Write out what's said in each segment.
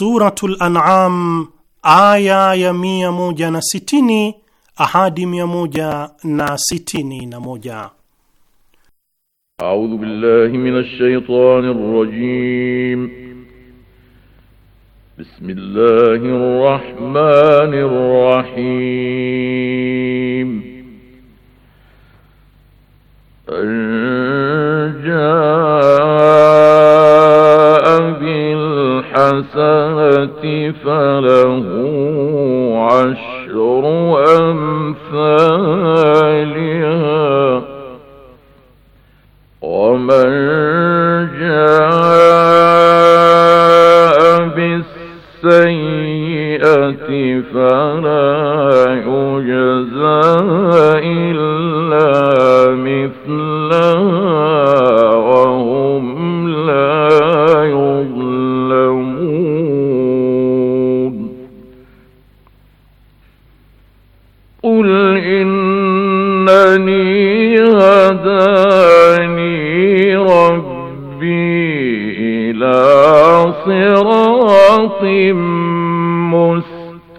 Suratul An'am aya ya mia moja na sitini ahadi mia moja na sitini na moja. A'udhu billahi minash shaitanir rajim. Bismillahir rahmanir rahim. فله هداني ربي إلى صراط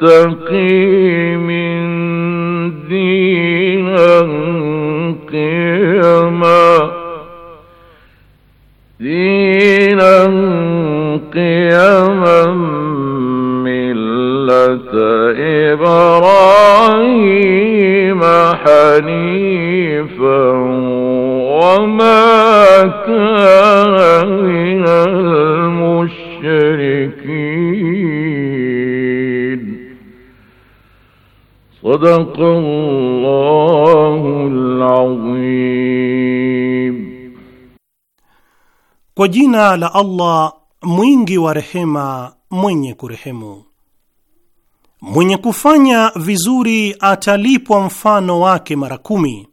مستقيم دينا قيما دينا قيما ملة إبراهيم حنيفا وما كان من المشركين صدق الله العظيم وجينا لالله مينجي ورحمة مين كرهمه Mwenye kufanya vizuri atalipwa mfano wake mara kumi,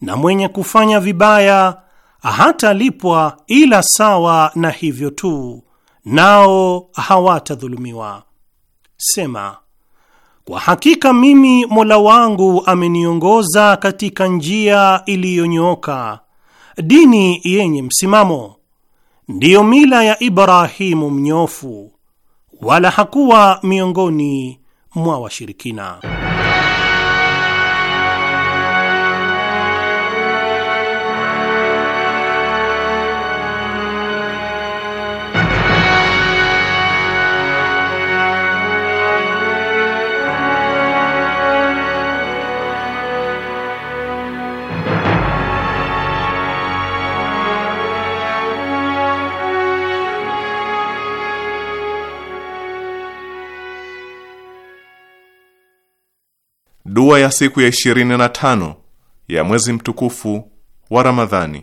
na mwenye kufanya vibaya hatalipwa ila sawa na hivyo tu, nao hawatadhulumiwa. Sema, kwa hakika mimi Mola wangu ameniongoza katika njia iliyonyooka, dini yenye msimamo, ndiyo mila ya Ibrahimu mnyofu wala hakuwa miongoni mwa washirikina. Dua ya siku ya 25 ya mwezi mtukufu wa Ramadhani.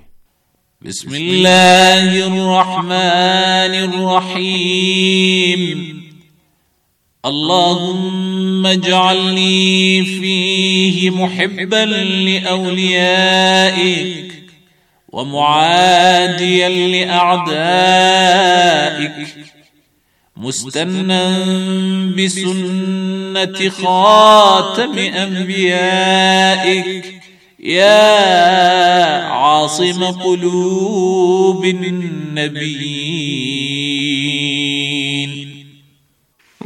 Bismillahir Rahmanir Rahim. Allahumma ij'alni fihi muhibban li awliyaik wa muadiyan li a'daik mustannan bi sunnati khatami anbiyaik ya asima qulubin nabiyin,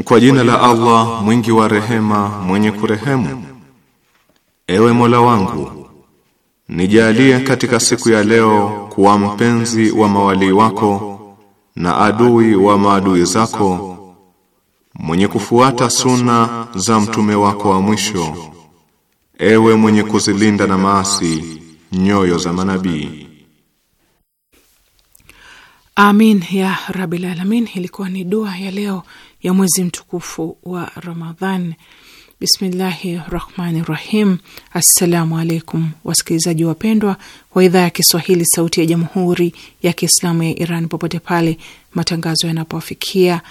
kwa jina la Allah mwingi wa rehema mwenye kurehemu. Ewe Mola wangu, nijalie katika siku ya leo kuwa mpenzi wa mawalii wako na adui wa maadui zako, mwenye kufuata suna za mtume wako wa mwisho, ewe mwenye kuzilinda na maasi nyoyo za manabii. Amin ya Rabbil Alamin. Ilikuwa ni dua ya leo ya mwezi mtukufu wa Ramadhani. Bismillahi rahmani rahim. Assalamu alaikum wasikilizaji wapendwa wa idhaa ya Kiswahili sauti ya jamhuri ya Kiislamu ya Iran popote pale matangazo yanapoafikia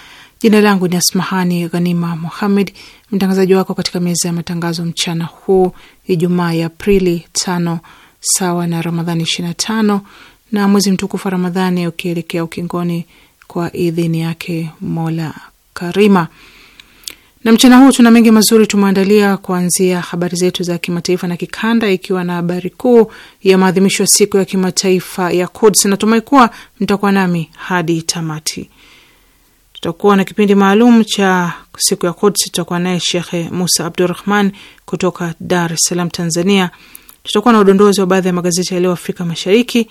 Jina langu ni Asmahani Ghanima Muhammed, mtangazaji wako katika meza ya matangazo mchana huu Ijumaa ya Aprili tano sawa na Ramadhani 25 na mwezi mtukufu wa Ramadhani ukielekea ukingoni kwa idhini yake Mola Karima na mchana huu tuna mengi mazuri tumeandalia, kuanzia habari zetu za kimataifa na kikanda, ikiwa na habari kuu ya maadhimisho ya siku ya kimataifa ya Quds. Natumai kuwa mtakuwa nami hadi tamati. Tutakuwa na kipindi maalum cha siku ya Quds, tutakuwa naye Shekhe Musa Abdurahman kutoka Dar es Salaam, Tanzania. Tutakuwa na udondozi wa baadhi ya magazeti ya leo Afrika Mashariki.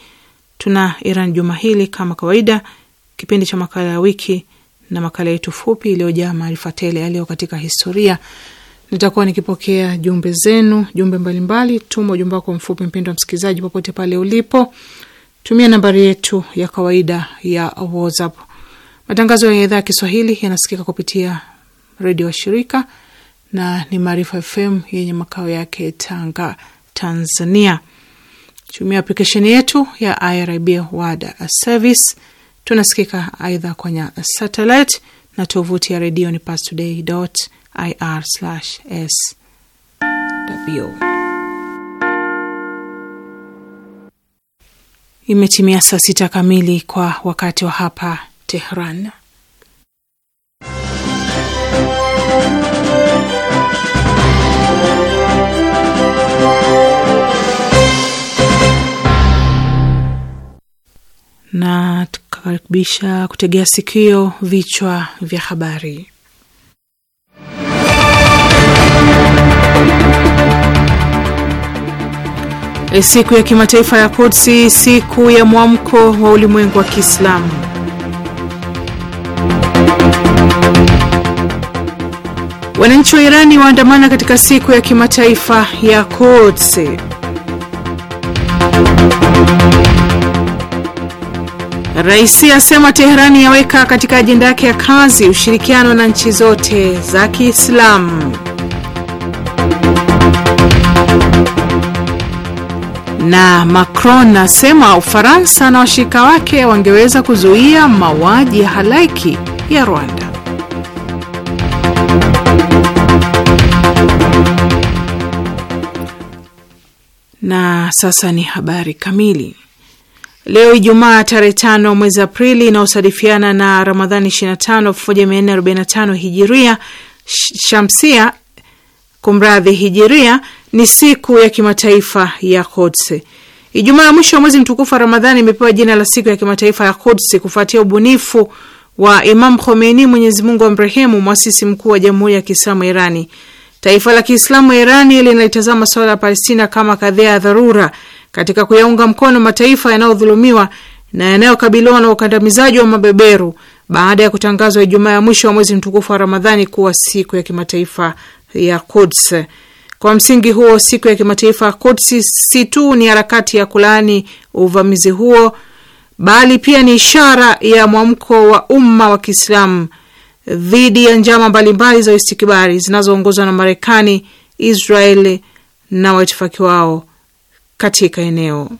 Tuna Iran juma hili kama kawaida, kipindi cha makala ya wiki na makala yetu fupi iliyojaa maarifa tele yaliyo katika historia. Nitakuwa nikipokea jumbe zenu, jumbe mbalimbali. Tuma ujumbe wako mfupi, mpendo wa msikilizaji, popote pale ulipo, tumia nambari yetu ya kawaida ya WhatsApp. Matangazo ya idhaa ya Kiswahili yanasikika kupitia redio washirika na ni Maarifa FM yenye makao yake Tanga, Tanzania. Tumia aplikesheni yetu ya IRIB World Service Tunasikika aidha kwenye satellite na tovuti ya redio ni pastoday.ir/sw. Imetimia saa sita kamili kwa wakati wa hapa Tehran. na tunakaribisha kutegea sikio vichwa vya habari. E, siku ya kimataifa ya Kudsi, siku ya mwamko wa ulimwengu wa Kiislamu. Wananchi wa Irani waandamana katika siku ya kimataifa ya Kudsi. Raisi asema Teherani yaweka katika ajenda yake ya kazi ushirikiano na nchi zote za Kiislamu. Na Macron asema Ufaransa na washirika wake wangeweza kuzuia mauaji ya halaiki ya Rwanda. Na sasa ni habari kamili. Leo Ijumaa tarehe tano mwezi Aprili inayosadifiana na Ramadhani 25 1445 hijiria shamsia, kumradhi hijiria, ni siku ya kimataifa ya Kudsi. Ijumaa ya mwisho wa mwezi mtukufu wa Ramadhani imepewa jina la siku ya kimataifa ya Kudsi kufuatia ubunifu wa Imam Khomeini, Mwenyezi Mungu amrehemu, mwasisi mkuu wa Jamhuri ya Kiislamu ya Irani. Taifa la Kiislamu wa Irani linalitazama swala la Palestina kama kadhia ya dharura katika kuyaunga mkono mataifa yanayodhulumiwa na yanayokabiliwa na ukandamizaji wa mabeberu baada ya kutangazwa Ijumaa ya mwisho wa mwezi mtukufu wa Ramadhani kuwa siku ya kimataifa ya Quds. Kwa msingi huo, siku ya kimataifa ya Quds si tu ni harakati ya kulaani uvamizi huo, bali pia ni ishara ya mwamko wa umma wa Kiislamu dhidi ya njama mbalimbali za istikibari zinazoongozwa na Marekani, Israeli na waitifaki wao katika eneo.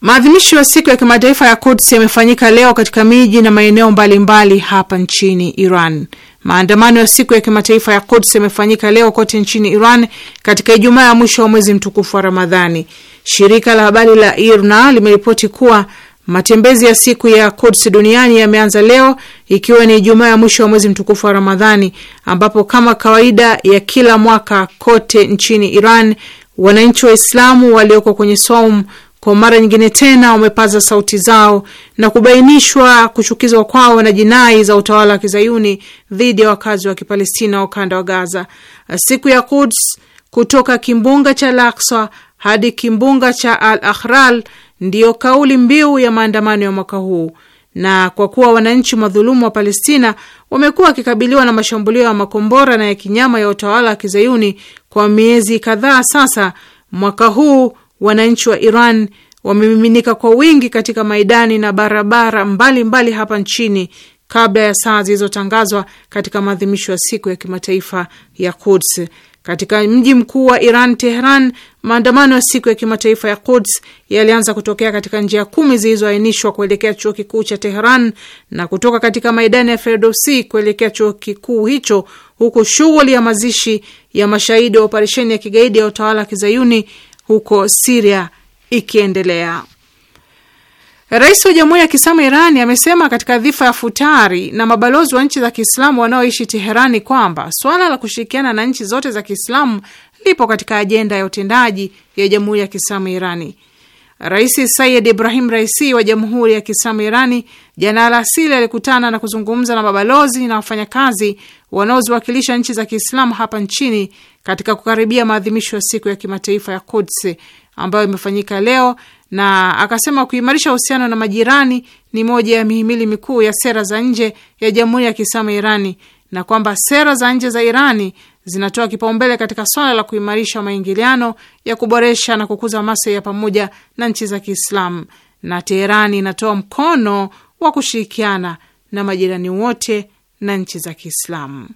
Maadhimisho ya siku ya kimataifa ya Quds yamefanyika leo katika miji na maeneo mbalimbali hapa nchini Iran. Maandamano ya siku ya kimataifa ya Quds yamefanyika leo kote nchini Iran katika Ijumaa ya mwisho wa mwezi mtukufu wa Ramadhani. Shirika la habari la IRNA limeripoti kuwa Matembezi ya siku ya Quds duniani yameanza leo ikiwa ni Ijumaa ya mwisho wa mwezi mtukufu wa Ramadhani, ambapo kama kawaida ya kila mwaka kote nchini Iran, wananchi Waislamu walioko kwenye saum kwa mara nyingine tena wamepaza sauti zao na kubainishwa kuchukizwa kwao na jinai za utawala wa kizayuni dhidi ya wakazi wa Kipalestina wa ukanda wa Gaza. Siku ya Quds kutoka kimbunga cha Al-Aqsa hadi kimbunga cha Al Ahral ndiyo kauli mbiu ya maandamano ya mwaka huu, na kwa kuwa wananchi madhulumu wa Palestina wamekuwa wakikabiliwa na mashambulio ya makombora na ya kinyama ya utawala wa kizayuni kwa miezi kadhaa sasa, mwaka huu wananchi wa Iran wamemiminika kwa wingi katika maidani na barabara mbalimbali mbali hapa nchini kabla ya saa zilizotangazwa katika maadhimisho ya siku ya kimataifa ya Quds. Katika mji mkuu wa Iran, Tehran, Maandamano ya siku ya kimataifa ya Quds yalianza kutokea katika njia kumi zilizoainishwa kuelekea chuo kikuu cha Tehran na kutoka katika maidani ya Ferdowsi kuelekea chuo kikuu hicho, huku shughuli ya mazishi ya mashahidi wa operesheni ya kigaidi ya utawala wa kizayuni huko Siria ikiendelea. Rais wa Jamhuri ya Kiislamu Irani amesema katika dhifa ya futari na mabalozi wa nchi za Kiislamu wanaoishi Teherani kwamba swala la kushirikiana na nchi zote za Kiislamu lipo katika ajenda ya utendaji ya Jamhuri ya Kiislamu Irani. Rais Sayid Ibrahim Raisi wa Jamhuri ya Kiislamu Irani jana alasili alikutana na kuzungumza na mabalozi na wafanyakazi wanaoziwakilisha nchi za Kiislamu hapa nchini katika kukaribia maadhimisho ya siku ya kimataifa ya Kudsi ambayo imefanyika leo, na akasema kuimarisha uhusiano na majirani ni moja ya mihimili mikuu ya sera za nje ya Jamhuri ya Kiislamu Irani na kwamba sera za nje za Irani zinatoa kipaumbele katika swala la kuimarisha maingiliano ya kuboresha na kukuza maslahi ya pamoja na nchi za Kiislamu, na Teherani inatoa mkono wa kushirikiana na majirani wote na nchi za Kiislamu.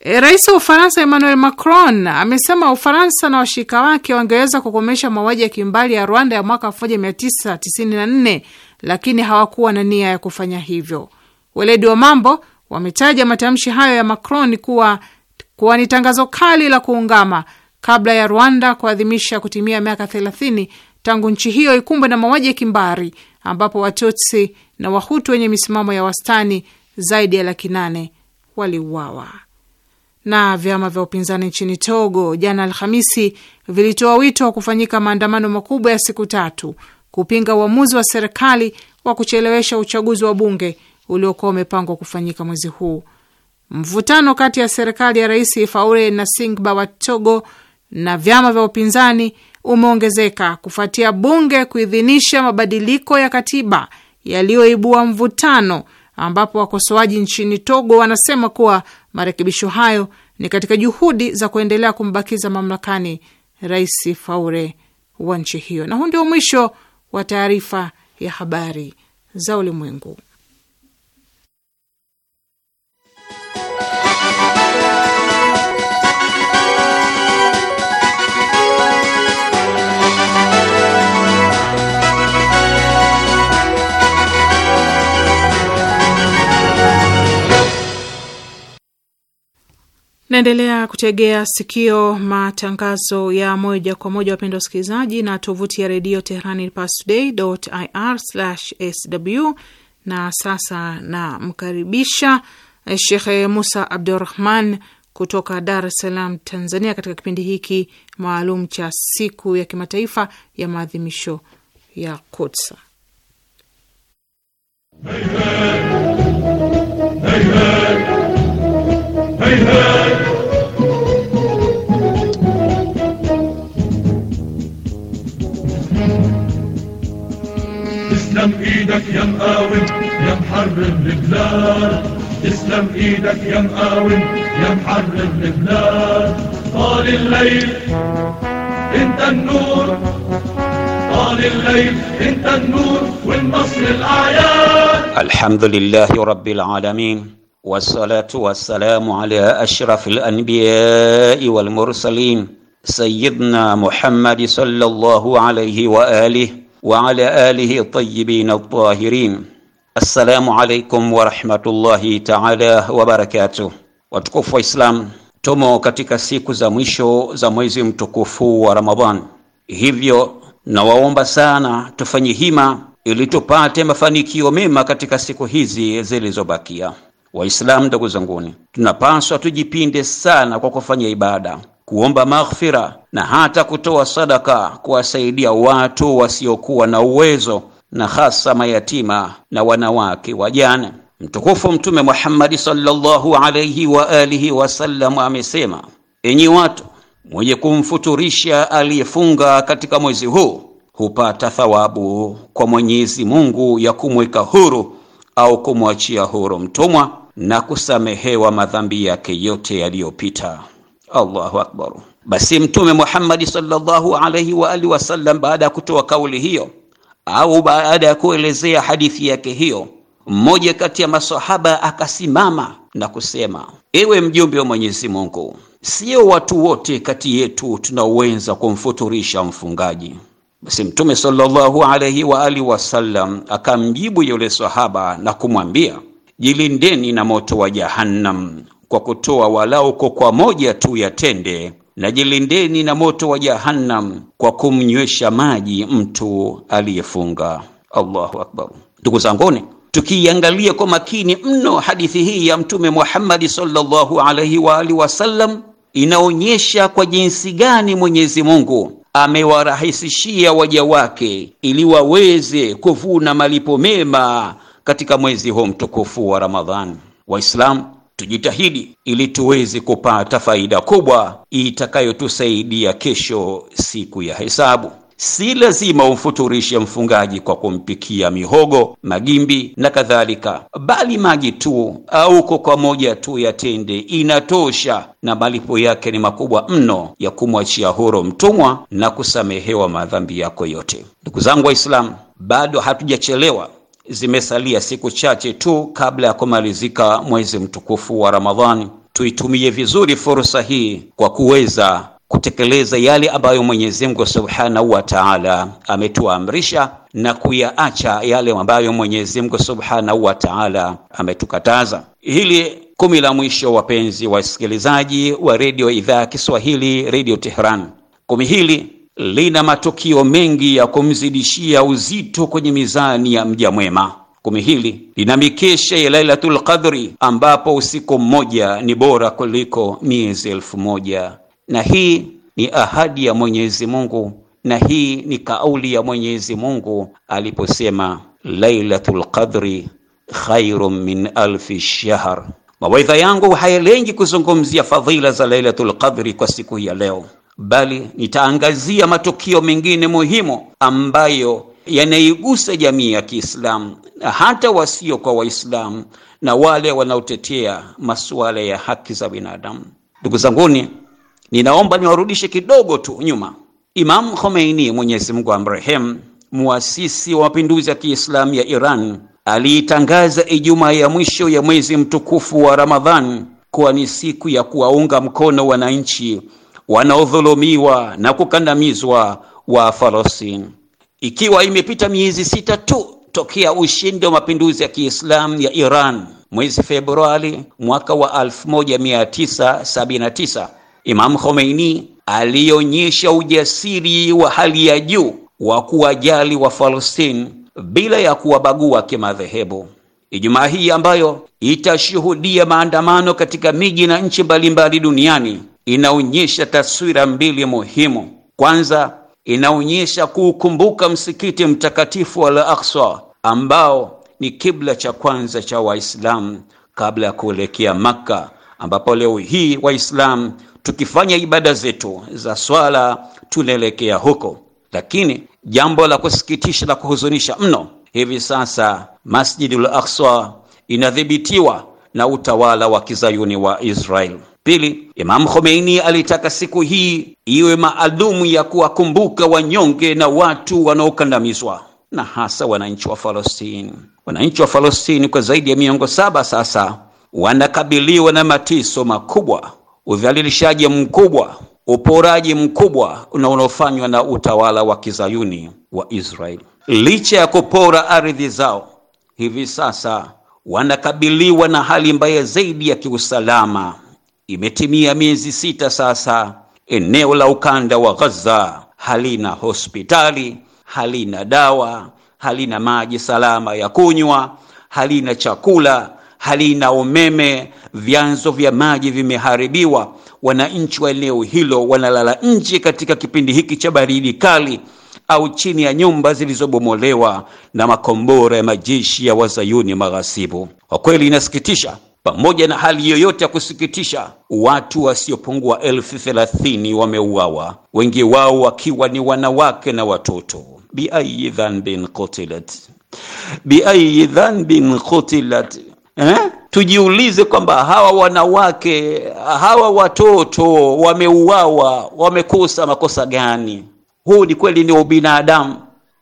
E, rais wa Ufaransa Emmanuel Macron amesema Ufaransa na washirika wake wangeweza kukomesha mauaji ya kimbali ya Rwanda ya mwaka 1994 lakini hawakuwa na nia ya kufanya hivyo. Weledi wa mambo wametaja matamshi hayo ya Macron kuwa kuwa ni tangazo kali la kuungama kabla ya Rwanda kuadhimisha kutimia miaka 30 tangu nchi hiyo ikumbwe na mauaji ya kimbari ambapo Watutsi na Wahutu wenye misimamo ya wastani zaidi ya laki nane waliuawa. Na vyama vya upinzani nchini Togo jana Alhamisi vilitoa wito wa kufanyika maandamano makubwa ya siku tatu kupinga uamuzi wa serikali wa kuchelewesha uchaguzi wa bunge uliokuwa umepangwa kufanyika mwezi huu. Mvutano kati ya serikali ya Rais Faure na wa Togo na vyama vya upinzani umeongezeka kufuatia bunge kuidhinisha mabadiliko ya katiba yaliyoibua mvutano, ambapo wakosoaji nchini Togo wanasema kuwa marekebisho hayo ni katika juhudi za kuendelea kumbakiza mamlakani Rais Faure wa nchi hiyo. Na huu ndio mwisho wa taarifa ya habari za ulimwengu. Naendelea kutegea sikio matangazo ya moja kwa moja, wapendwa wasikilizaji, na tovuti ya redio Tehrani parstoday.ir/sw. Na sasa namkaribisha eh, Shekhe Musa Abdurahman kutoka Dar es Salaam, Tanzania, katika kipindi hiki maalum cha siku ya kimataifa ya maadhimisho ya Kutsa. Hey, hey. Hey, hey. Hey, hey. تسلم ايدك يا مقاوم يا محرر البلاد تسلم ايدك يا مقاوم يا محرر البلاد طال الليل انت النور طال الليل انت النور والنصر الاعيان الحمد لله رب العالمين والصلاة والسلام على أشرف الأنبياء والمرسلين سيدنا محمد صلى الله عليه وآله وعلى آله الطيبين الطاهرين. Assalamu alaikum warahmatullahi taala wabarakatuh. Watukufu wa Islam, tumo katika siku za mwisho za mwezi mtukufu wa ramadan hivyo nawaomba sana tufanye hima ili tupate mafanikio mema katika siku hizi zilizobakia. waislam ndugu zanguni, tunapaswa tujipinde sana kwa kufanya ibada kuomba maghfira na hata kutoa sadaka kuwasaidia watu wasiokuwa na uwezo na hasa mayatima na wanawake wajane. Mtukufu Mtume Muhammad sallallahu alayhi wa alihi wasallam amesema, enyi watu, mwenye kumfuturisha aliyefunga katika mwezi huu hupata thawabu kwa Mwenyezi Mungu ya kumweka huru au kumwachia huru mtumwa na kusamehewa madhambi yake yote yaliyopita. Allahu akbar. Basi Mtume Muhammad sallallahu alayhi wa alihi wasallam, baada ya kutoa kauli hiyo au baada ya kuelezea hadithi yake hiyo, mmoja kati ya masahaba akasimama na kusema, ewe mjumbe wa Mwenyezi Mungu, sio watu wote kati yetu tunaweza kumfuturisha mfungaji. Basi Mtume sallallahu alayhi wa alihi wasallam akamjibu yule sahaba na kumwambia, jilindeni na moto wa Jahannam kwa kutoa walau kokwa moja tu ya tende, na jilindeni na moto wa Jahannam kwa kumnywesha maji mtu aliyefunga. Allahu akbar! Ndugu zanguni, tukiiangalia kwa makini mno hadithi hii ya Mtume Muhammad sallallahu alaihi wa alihi wasallam inaonyesha kwa jinsi gani Mwenyezi Mungu amewarahisishia waja wake ili waweze kuvuna malipo mema katika mwezi huu mtukufu wa Ramadhani. Waislamu tujitahidi ili tuweze kupata faida kubwa itakayotusaidia kesho, siku ya hesabu. Si lazima umfuturishe mfungaji kwa kumpikia mihogo, magimbi na kadhalika, bali maji tu au kwa moja tu ya tende inatosha, na malipo yake ni makubwa mno ya kumwachia huru mtumwa na kusamehewa madhambi yako yote. Ndugu zangu Waislamu, bado hatujachelewa. Zimesalia siku chache tu kabla ya kumalizika mwezi mtukufu wa Ramadhani. Tuitumie vizuri fursa hii kwa kuweza kutekeleza yale ambayo Mwenyezi Mungu Subhanahu wa Ta'ala ametuamrisha na kuyaacha yale ambayo Mwenyezi Mungu Subhanahu wa Ta'ala ametukataza. Hili kumi la mwisho, wapenzi wasikilizaji wa redio idhaa ya Kiswahili, Radio Tehran, kumi hili lina matukio mengi ya kumzidishia uzito kwenye mizani ya mja mwema. Kumi hili lina mikesha ya Lailatul Qadri, ambapo usiku mmoja ni bora kuliko miezi elfu moja na hii ni ahadi ya Mwenyezi Mungu na hii ni kauli ya Mwenyezi Mungu aliposema Lailatul Qadri khairum min alfi shahr. Mawaidha yangu hayalengi kuzungumzia fadhila za Lailatul Qadri kwa siku ya leo, bali nitaangazia matukio mengine muhimu ambayo yanaigusa jamii ya Kiislamu na hata wasio kwa Waislamu na wale wanaotetea masuala ya haki za binadamu. Ndugu zanguni, ninaomba niwarudishe kidogo tu nyuma. Imam Khomeini, Mwenyezi Mungu amrehemu, muasisi wa mapinduzi ya Kiislamu ya Iran, aliitangaza Ijumaa ya mwisho ya mwezi mtukufu wa Ramadhan kuwa ni siku ya kuwaunga mkono wananchi wanaodhulumiwa na kukandamizwa wa Falastini. Ikiwa imepita miezi sita tu tokea ushindi wa mapinduzi ya Kiislamu ya Iran mwezi Februari mwaka wa 1979, Imam Khomeini alionyesha ujasiri wa hali ya juu wa kuwajali wa Falastini bila ya kuwabagua kimadhehebu. Ijumaa hii ambayo itashuhudia maandamano katika miji na nchi mbalimbali duniani inaonyesha taswira mbili muhimu. Kwanza, inaonyesha kuukumbuka msikiti mtakatifu wa Al-Aqsa ambao ni kibla cha kwanza cha Waislamu kabla ya kuelekea Makka, ambapo leo hii Waislamu tukifanya ibada zetu za swala tunaelekea huko. Lakini jambo la kusikitisha na kuhuzunisha mno, hivi sasa Masjidul Aqsa inadhibitiwa na utawala wa kizayuni wa Israeli. Pili, Imam Khomeini alitaka siku hii iwe maalumu ya kuwakumbuka wanyonge na watu wanaokandamizwa na hasa wananchi wa Falastini. Wananchi wa Falastini kwa zaidi ya miongo saba sasa wanakabiliwa na matiso makubwa, udhalilishaji mkubwa, uporaji mkubwa na unaofanywa na utawala wa kizayuni wa Israel. Licha ya kupora ardhi zao, hivi sasa wanakabiliwa na hali mbaya zaidi ya kiusalama Imetimia miezi sita sasa, eneo la ukanda wa Gaza halina hospitali, halina dawa, halina maji salama ya kunywa, halina chakula, halina umeme, vyanzo vya maji vimeharibiwa. Wananchi wa eneo hilo wanalala nje katika kipindi hiki cha baridi kali au chini ya nyumba zilizobomolewa na makombora ya majeshi ya wazayuni maghasibu. Kwa kweli inasikitisha pamoja na hali yoyote ya kusikitisha, watu wasiopungua elfu thelathini wameuawa, wengi wao wakiwa ni wanawake na watoto. biayi dhanbin qutilat, biayi dhanbin qutilat eh? Tujiulize kwamba hawa wanawake hawa watoto wameuawa, wamekosa makosa gani? Huu ni kweli ni ubinadamu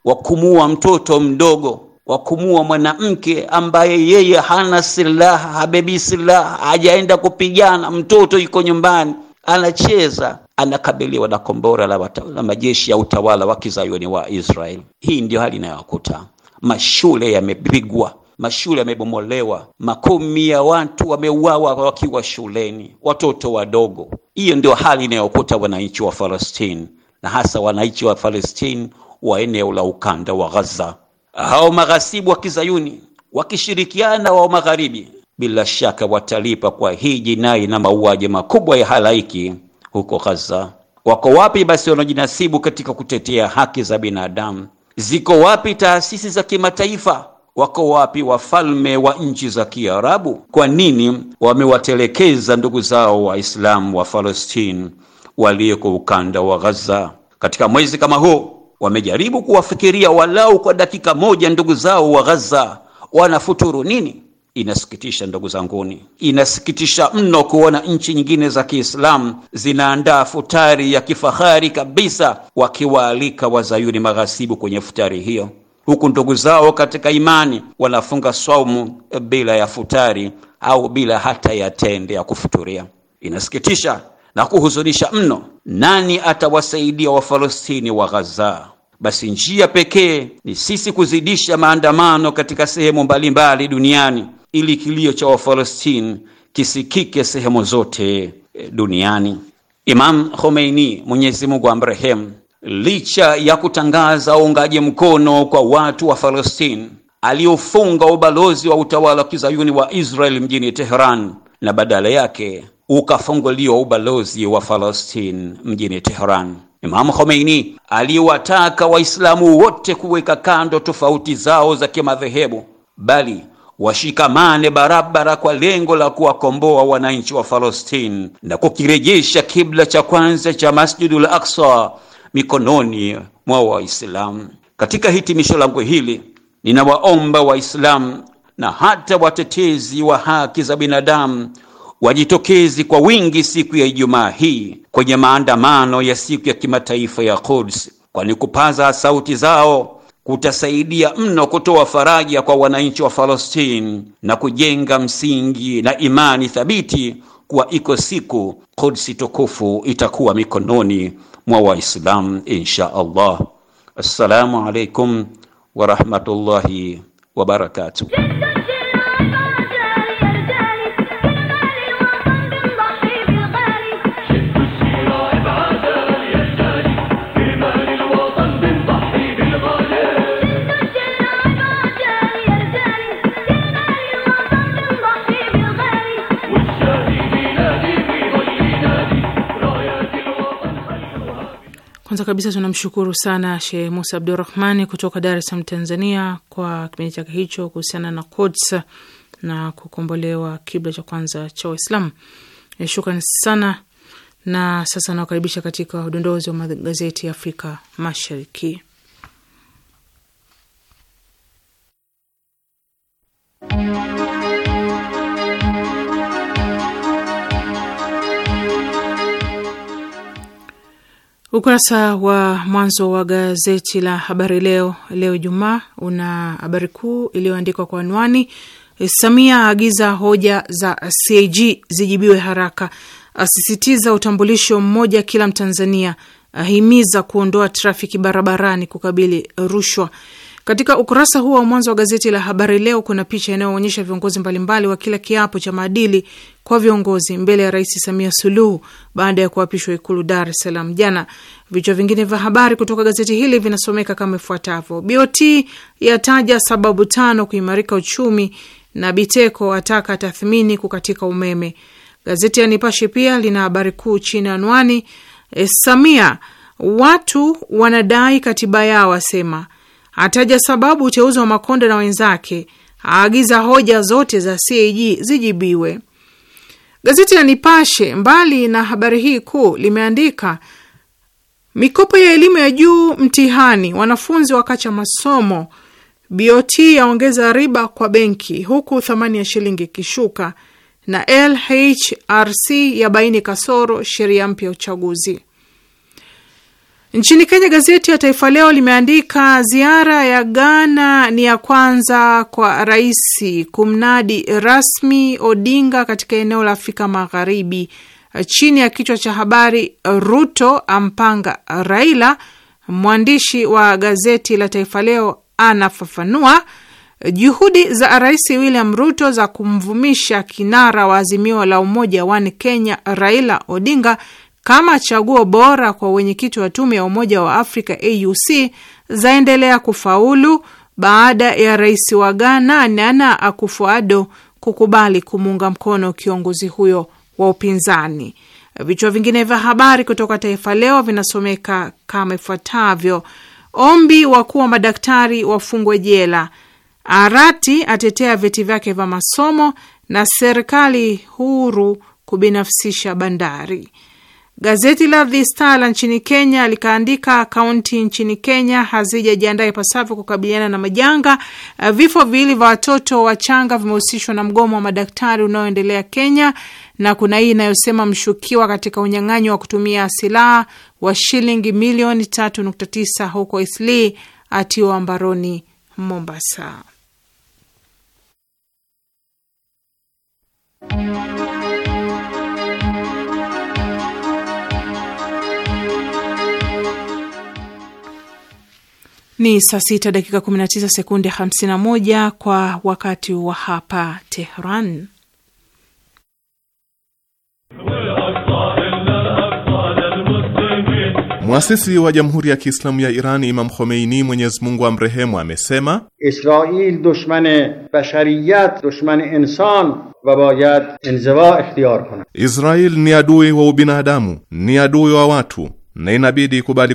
wa kumua mtoto mdogo wa kumua mwanamke ambaye yeye hana silaha, habebi silaha, hajaenda kupigana, mtoto yuko nyumbani anacheza, anakabiliwa na kombora la, la majeshi ya utawala wa kizayoni wa Israeli. Hii ndio hali inayowakuta. Mashule yamepigwa, mashule yamebomolewa, makumi ya watu wameuawa wakiwa shuleni, watoto wadogo. Hiyo ndio hali inayokuta wananchi wa Palestina na hasa wananchi wa Palestina wa eneo la ukanda wa Gaza hao maghasibu wa kizayuni wakishirikiana wao magharibi, bila shaka watalipa kwa hii jinai na mauaji makubwa ya halaiki huko Gaza. Wako wapi basi wanaojinasibu katika kutetea haki za binadamu? Ziko wapi taasisi za kimataifa? Wako wapi wafalme wa nchi za Kiarabu? Kwa nini wamewatelekeza ndugu zao Waislamu wa Palestina walioko ukanda wa Gaza katika mwezi kama huu? wamejaribu kuwafikiria walau kwa dakika moja ndugu zao wa Gaza wanafuturu nini? Inasikitisha ndugu zanguni, inasikitisha mno kuona nchi nyingine za Kiislamu zinaandaa futari ya kifahari kabisa, wakiwaalika wazayuni maghasibu kwenye futari hiyo, huku ndugu zao katika imani wanafunga swaumu bila ya futari au bila hata ya tende ya kufuturia. Inasikitisha na kuhuzunisha mno. Nani atawasaidia Wafalestini wa Gaza? Basi njia pekee ni sisi kuzidisha maandamano katika sehemu mbalimbali duniani ili kilio cha Wafalestini kisikike sehemu zote eh, duniani. Imam Khomeini, Mwenyezi Mungu amrehemu, licha ya kutangaza uungaji mkono kwa watu wa Falestini, aliofunga ubalozi wa utawala wa kizayuni wa Israel mjini teheran na badala yake ukafunguliwa ubalozi wa Palestina mjini Tehran. Imam Khomeini aliwataka Waislamu wote kuweka kando tofauti zao za kimadhehebu, bali washikamane barabara kwa lengo la kuwakomboa wananchi wa Palestina na kukirejesha kibla cha kwanza cha Masjidul Aqsa mikononi mwa Waislamu. Katika hitimisho langu hili, ninawaomba Waislamu na hata watetezi wa haki za binadamu wajitokezi kwa wingi siku ya Ijumaa hii kwenye maandamano ya siku ya kimataifa ya Quds, kwani kupaza sauti zao kutasaidia mno kutoa faraja kwa wananchi wa Palestine na kujenga msingi na imani thabiti kuwa iko siku Quds tukufu itakuwa mikononi mwa Waislamu insha Allah. Assalamu alaikum wa rahmatullahi wa barakatuh. Kwanza kabisa tunamshukuru sana sheh Musa Abdurahmani kutoka Dar es Salaam, Tanzania, kwa kipindi chake hicho kuhusiana na Quds na kukombolewa kibla cha kwanza cha Waislamu. Eh, shukran sana na sasa nawakaribisha katika udondozi wa magazeti ya Afrika Mashariki. Ukurasa wa mwanzo wa gazeti la Habari Leo leo Jumaa una habari kuu iliyoandikwa kwa anwani Samia aagiza hoja za CAG zijibiwe haraka, asisitiza utambulisho mmoja kila Mtanzania, ahimiza kuondoa trafiki barabarani kukabili rushwa. Katika ukurasa huo wa mwanzo wa gazeti la Habari Leo kuna picha inayoonyesha viongozi mbalimbali wakila kiapo cha maadili kwa viongozi mbele ya Rais Samia Suluhu baada ya kuapishwa Ikulu Dar es Salaam jana. Vichwa vingine vya habari kutoka gazeti hili vinasomeka kama ifuatavyo: BOT yataja sababu tano kuimarika uchumi, na Biteko ataka tathmini kukatika umeme. Gazeti ya Nipashe pia lina habari kuu chini ya anwani e, Samia watu wanadai katiba yao, asema Ataja sababu uteuzi wa Makonde na wenzake, aagiza hoja zote za CAG zijibiwe. Gazeti la Nipashe mbali na habari hii kuu limeandika mikopo ya elimu ya juu mtihani, wanafunzi wakacha masomo. BOT yaongeza riba kwa benki huku thamani ya shilingi ikishuka, na LHRC yabaini kasoro sheria mpya ya uchaguzi. Nchini Kenya, gazeti ya Taifa Leo limeandika ziara ya Ghana ni ya kwanza kwa rais kumnadi rasmi Odinga katika eneo la Afrika Magharibi, chini ya kichwa cha habari Ruto ampanga Raila. Mwandishi wa gazeti la Taifa Leo anafafanua juhudi za Rais William Ruto za kumvumisha kinara wa Azimio la Umoja One Kenya Raila Odinga kama chaguo bora kwa wenyekiti wa tume ya Umoja wa Afrika AUC zaendelea kufaulu baada ya rais wa Ghana Nana Akufo-Addo kukubali kumuunga mkono kiongozi huyo wa upinzani. Vichwa vingine vya habari kutoka Taifa Leo vinasomeka kama ifuatavyo: ombi wakuu wa madaktari wafungwe jela, Arati atetea vyeti vyake vya masomo, na serikali huru kubinafsisha bandari. Gazeti la The Star la nchini Kenya likaandika kaunti nchini Kenya hazijajiandaa ipasavyo kukabiliana na majanga. Eh, vifo viwili vya watoto wachanga vimehusishwa na mgomo wa madaktari unaoendelea Kenya, na kuna hii inayosema mshukiwa katika unyang'anyi wa kutumia silaha wa shilingi milioni 3.9 huko Eastleigh atiwa mbaroni Mombasa. Ni saa sita dakika 19 sekunde 51 kwa wakati wa hapa Tehran. Mwasisi wa Jamhuri ya Kiislamu ya Iran Imam Khomeini, Mwenyezi Mungu amrehemu, amesema Israil dushman bashariyat dushman insan wa bayad inziwa ikhtiyar kuna, Israil ni adui wa ubinadamu, ni adui wa watu ن نبیید و بعدی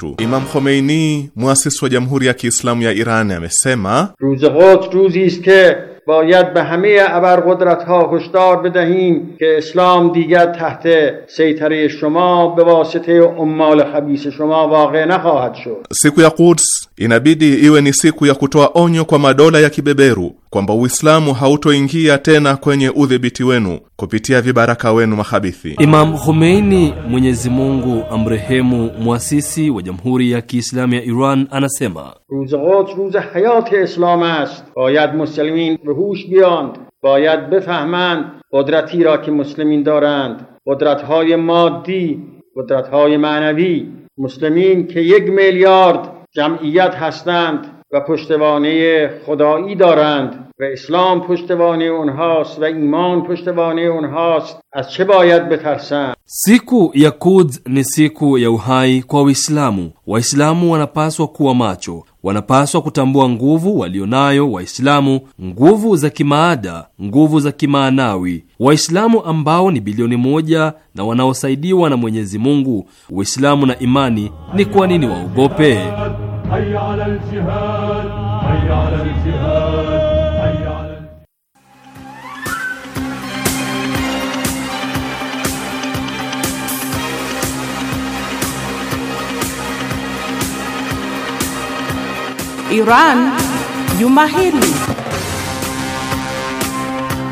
تو ایمام خمیننی موثر سوجممهوری که اسلام یا ایرانمهسه؟ روز خود روزی است که باید به همه اوقدرت ها هشدار بدهیم که اسلام دیگر تحت سیطره شما به واسطه عممال خبیس شما واقع نخواهد شد. سکو قرس، inabidi iwe ni siku ya kutoa onyo kwa madola ya kibeberu kwamba Uislamu hautoingia tena kwenye udhibiti wenu kupitia vibaraka wenu mahabithi. Imam Khomeini, Mwenyezi Mungu amrehemu, muasisi wa Jamhuri ya Kiislamu ya Iran anasema, ruze quds ruze hayate islam ast bayad muslimin behush biyand bayad befahmand qudrati ra ki muslimin darand qudrathay maddi qudrathay ma'navi muslimin ke 1 milyard جمعیت هستند و پشتوانه خدایی دارند و اسلام پشتوانه اونهاست و ایمان پشتوانه اونهاست از چه باید بترسند Siku ya Quds ni siku ya uhai kwa Uislamu. Waislamu wanapaswa kuwa macho, wanapaswa kutambua nguvu walionayo Waislamu, nguvu za kimaada, nguvu za kimaanawi. Waislamu ambao ni bilioni moja na wanaosaidiwa na Mwenyezi Mungu, Uislamu na imani ni kwa nini waogope? حي على الجهاد حي على الجهاد على إيران يمهل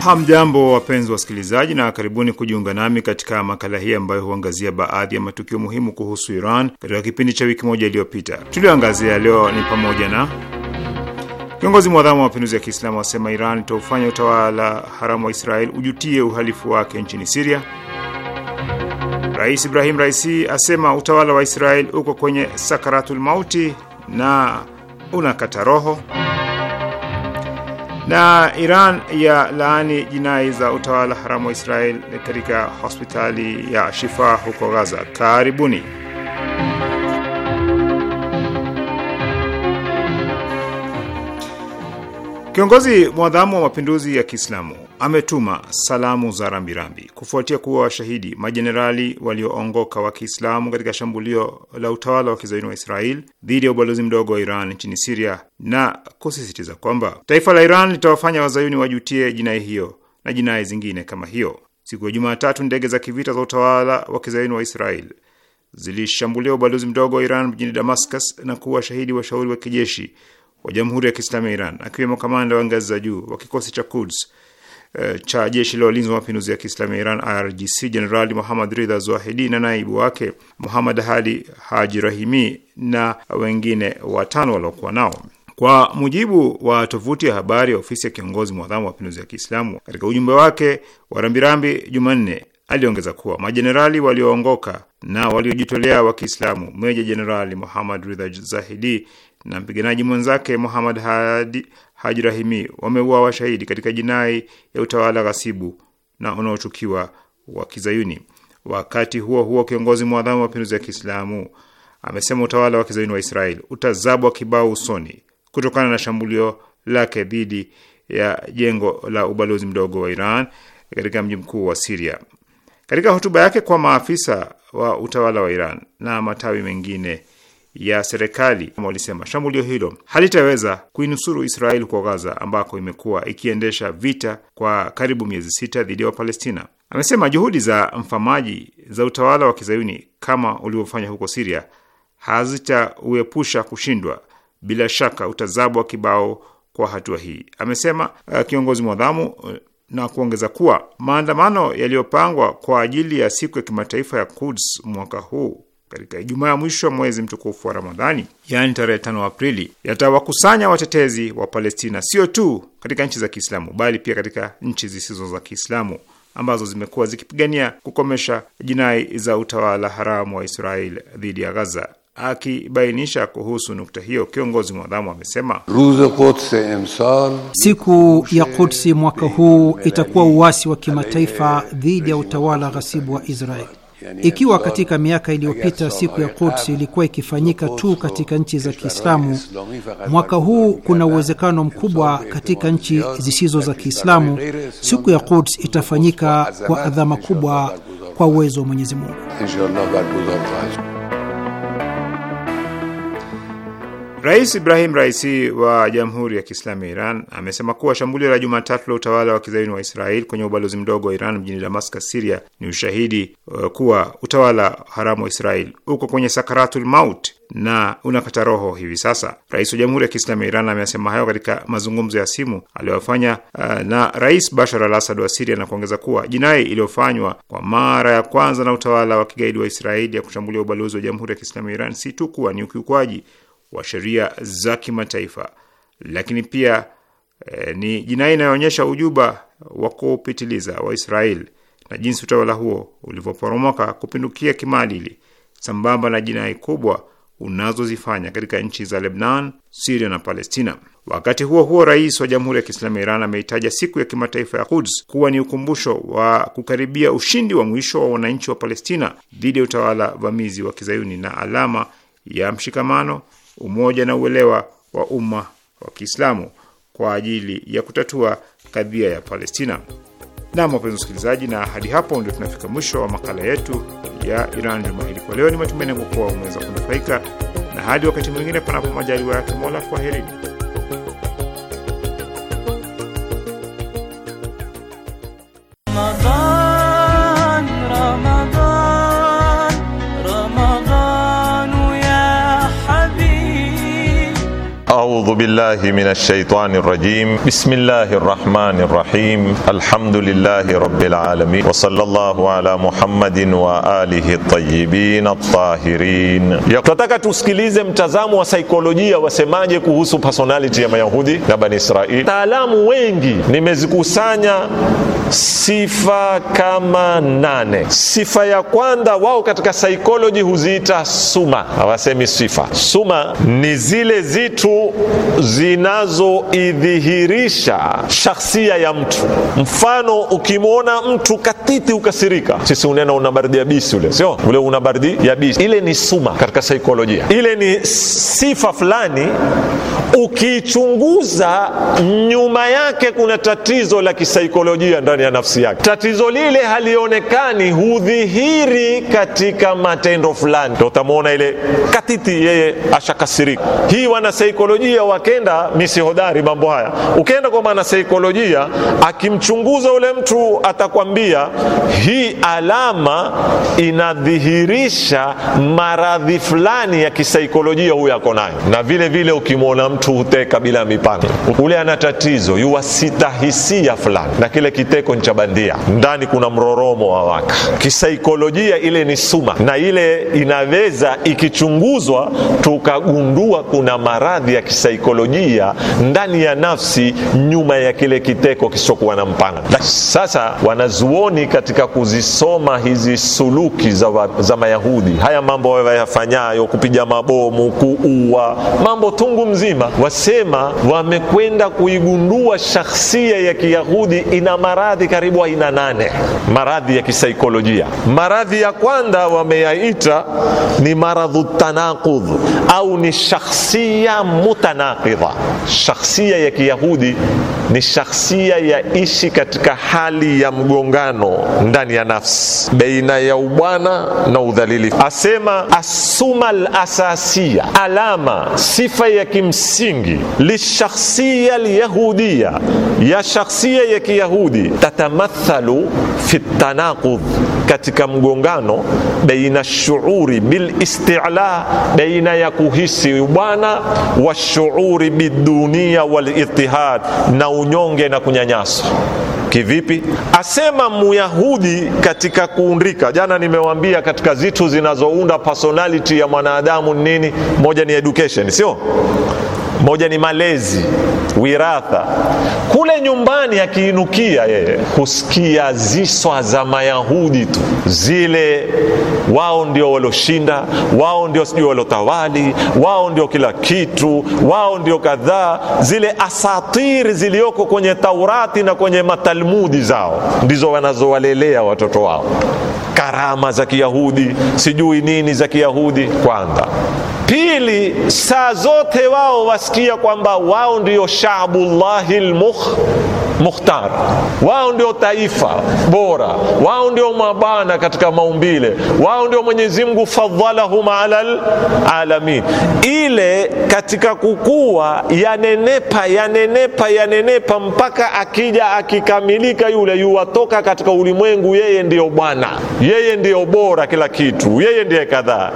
Hamjambo, wapenzi wasikilizaji, na karibuni kujiunga nami katika makala hii ambayo huangazia baadhi ya matukio muhimu kuhusu Iran katika kipindi cha wiki moja iliyopita. Tulioangazia leo ni pamoja na kiongozi mwadhamu wa mapinduzi ya Kiislamu wasema Iran itaufanya utawala haramu wa Israel ujutie uhalifu wake nchini Siria. Rais Ibrahim Raisi asema utawala wa Israel uko kwenye sakaratul mauti na unakata roho na Iran ya laani jinai za utawala haramu wa Israel katika hospitali ya Shifa huko Gaza. Karibuni. Kiongozi mwadhamu wa mapinduzi ya Kiislamu ametuma salamu za rambirambi kufuatia kuwa washahidi majenerali walioongoka wa Kiislamu katika shambulio la utawala wa kizayuni wa Israel dhidi ya ubalozi mdogo wa Iran nchini Siria na kusisitiza kwamba taifa la Iran litawafanya wazayuni wajutie jinai hiyo na jinai zingine kama hiyo. Siku ya Jumatatu, ndege za kivita za utawala wa kizayuni wa Israel zilishambulia ubalozi mdogo wa Iran mjini Damascus na kuwa shahidi washauri wa kijeshi wa Jamhuri ya Kiislamu ya Iran, akiwemo kamanda wa ngazi za juu wa kikosi cha Quds Eh, cha jeshi la walinzi wa mapinduzi ya Kiislamu ya Iran IRGC Jenerali Muhamad Ridha Zahidi na naibu wake Muhamad Hadi Haji Rahimi na wengine watano waliokuwa nao. Kwa mujibu wa tovuti ya habari ya ofisi ya kiongozi mwadhamu wa mapinduzi ya Kiislamu, katika ujumbe wake wa rambirambi Jumanne aliongeza kuwa majenerali walioongoka na waliojitolea wa Kiislamu, meja jenerali Muhamad Ridha Zahidi na mpiganaji mwenzake Muhammad Hadi Hajrahimi wameua washahidi katika jinai ya utawala ghasibu na unaochukiwa wa Kizayuni. Wakati huo huo, kiongozi mwadhamu wa mapinduzi ya Kiislamu amesema utawala wa Kizayuni wa israel utazabwa kibao usoni kutokana na shambulio lake dhidi ya jengo la ubalozi mdogo wa Iran katika mji mkuu wa Siria. Katika hotuba yake kwa maafisa wa utawala wa Iran na matawi mengine ya serikali walisema shambulio hilo halitaweza kuinusuru Israeli kwa Gaza ambako imekuwa ikiendesha vita kwa karibu miezi sita dhidi ya Wapalestina. Amesema juhudi za mfamaji za utawala wa kizayuni kama ulivyofanya huko Siria hazitauepusha kushindwa. Bila shaka utazabwa kibao kwa hatua hii, amesema uh, kiongozi mwadhamu uh, na kuongeza kuwa maandamano yaliyopangwa kwa ajili ya siku ya kimataifa ya Quds mwaka huu katika Ijumaa ya mwisho wa mwezi mtukufu wa Ramadhani, yaani tarehe 5 Aprili, yatawakusanya watetezi wa Palestina sio tu katika nchi za Kiislamu bali pia katika nchi zisizo za Kiislamu ambazo zimekuwa zikipigania kukomesha jinai za utawala haramu wa Israel dhidi ya Gaza. Akibainisha kuhusu nukta hiyo, kiongozi mwadhamu amesema siku ya Kudsi mwaka huu itakuwa uasi wa kimataifa dhidi ya utawala ghasibu wa Israeli. Ikiwa katika miaka iliyopita siku ya Quds ilikuwa ikifanyika tu katika nchi za Kiislamu, mwaka huu kuna uwezekano mkubwa katika nchi zisizo za Kiislamu siku ya Quds itafanyika kwa adhama kubwa kwa uwezo wa Mwenyezi Mungu. Rais Ibrahim Raisi wa Jamhuri ya Kiislamu ya Iran amesema kuwa shambulio la Jumatatu la utawala wa kizayuni wa Israel kwenye ubalozi mdogo wa Iran mjini Damascus, Siria ni ushahidi uh, kuwa utawala haramu wa Israel uko kwenye sakaratul maut na unakata roho hivi sasa. Rais wa Jamhuri ya Kiislamu ya Iran amesema hayo katika mazungumzo ya simu aliyofanya uh, na Rais Bashar al Asad wa Siria na kuongeza kuwa jinai iliyofanywa kwa mara ya kwanza na utawala wa kigaidi wa Israeli ya kushambulia ubalozi wa Jamhuri ya Kiislamu ya Iran si tu kuwa ni ukiukwaji wa sheria za kimataifa, lakini pia e, ni jinai inayoonyesha ujuba wa kupitiliza wa Israel na jinsi utawala huo ulivyoporomoka kupindukia kimaadili, sambamba na jinai kubwa unazozifanya katika nchi za Lebanon, Syria na Palestina. Wakati huo huo, rais wa Jamhuri ya Kiislamu ya Iran ameitaja siku ya kimataifa ya Quds kuwa ni ukumbusho wa kukaribia ushindi wa mwisho wa wananchi wa Palestina dhidi ya utawala vamizi wa Kizayuni na alama ya mshikamano umoja na uelewa wa umma wa Kiislamu kwa ajili ya kutatua kadhia ya Palestina. Nam, wapenzi wasikilizaji, na hadi hapo ndio tunafika mwisho wa makala yetu ya Iran juma hili kwa leo. Ni matumaini yangu kuwa umeweza kunufaika, na hadi wakati mwingine, panapo majaliwa yake Mola, kwaherini. أعوذ بالله من الشيطان الرجيم بسم الله الرحمن الرحيم الحمد لله رب العالمين وصلى الله على محمد وآله الطيبين الطاهرين tunataka tusikilize mtazamo wa saikolojia wasemaje kuhusu personality ya Mayahudi na Bani Israeli. Taalamu wengi nimezikusanya sifa kama nane. Sifa ya kwanza wao katika psychology huziita suma, hawasemi sifa. Suma ni zile zitu zinazoidhihirisha shakhsia ya mtu. Mfano, ukimwona mtu katiti ukasirika, sisi unena una baridi ya bisi, ule sio ule, una baridi ya bisi, ile ni suma katika saikolojia, ile ni sifa fulani. Ukiichunguza nyuma yake kuna tatizo la kisaikolojia ndani ya nafsi yake. Tatizo lile halionekani, hudhihiri katika matendo fulani, ndo utamwona ile katiti, yeye ashakasirika. Hii wana saikolojia pia wakenda misihodari mambo haya. Ukenda kwa maana saikolojia, akimchunguza ule mtu atakwambia hii alama inadhihirisha maradhi fulani ya kisaikolojia huyo ako nayo. Na vile vile ukimwona mtu huteka bila mipango, ule ana tatizo yuwasita hisia fulani, na kile kiteko ni cha bandia, ndani kuna mroromo wa waka. Kisaikolojia ile ni suma, na ile inaweza ikichunguzwa tukagundua kuna maradhi ya kisaikolojia kisaikolojia ndani ya nafsi nyuma ya kile kiteko kisichokuwa na mpango. Sasa wanazuoni katika kuzisoma hizi suluki za, wa, za Mayahudi, haya mambo wayafanyayo, kupiga mabomu, kuua, mambo tungu mzima, wasema wamekwenda kuigundua shakhsia ya Kiyahudi ina maradhi karibu aina nane, maradhi ya kisaikolojia. Maradhi ya kwanza wameyaita ni maradhu tanakudh au ni shakhsia muta nakidha shakhsia ya Kiyahudi ni shakhsia yaishi katika hali ya mgongano ndani ya nafsi baina ya ubwana na udhalilifu. Asema asuma alasasia, alama sifa ya kimsingi lishakhsia lyahudia, ya shakhsia ya Kiyahudi, tatamathalu fi tanaqudh, katika mgongano baina shuuri bilistila, baina ya kuhisi ubwana wa shuuri bidunia walitihad na unyonge na kunyanyaswa. Kivipi? Asema Myahudi katika kuundika. Jana nimewambia katika zitu zinazounda personality ya mwanadamu nini, moja ni education, sio moja ni malezi, wiratha. Kule nyumbani akiinukia yeye husikia ziswa za Mayahudi tu, zile wao ndio waloshinda, wao ndio sijui walotawali, wao ndio kila kitu, wao ndio kadhaa. Zile asatiri zilioko kwenye Taurati na kwenye matalmudi zao ndizo wanazowalelea watoto wao, karama za Kiyahudi, sijui nini za Kiyahudi. Kwanza Pili, saa zote wao wasikia kwamba wao ndio shaabullahi lmukh mukhtar, wao ndio taifa bora, wao ndio mabana katika maumbile, wao ndio Mwenyezi Mungu fadhalahum ala alamin. Ile katika kukua yanenepa yanenepa yanenepa mpaka akija akikamilika yule, yuwatoka katika ulimwengu, yeye ndiyo bwana, yeye ndiyo bora kila kitu, yeye ndiye kadhaa.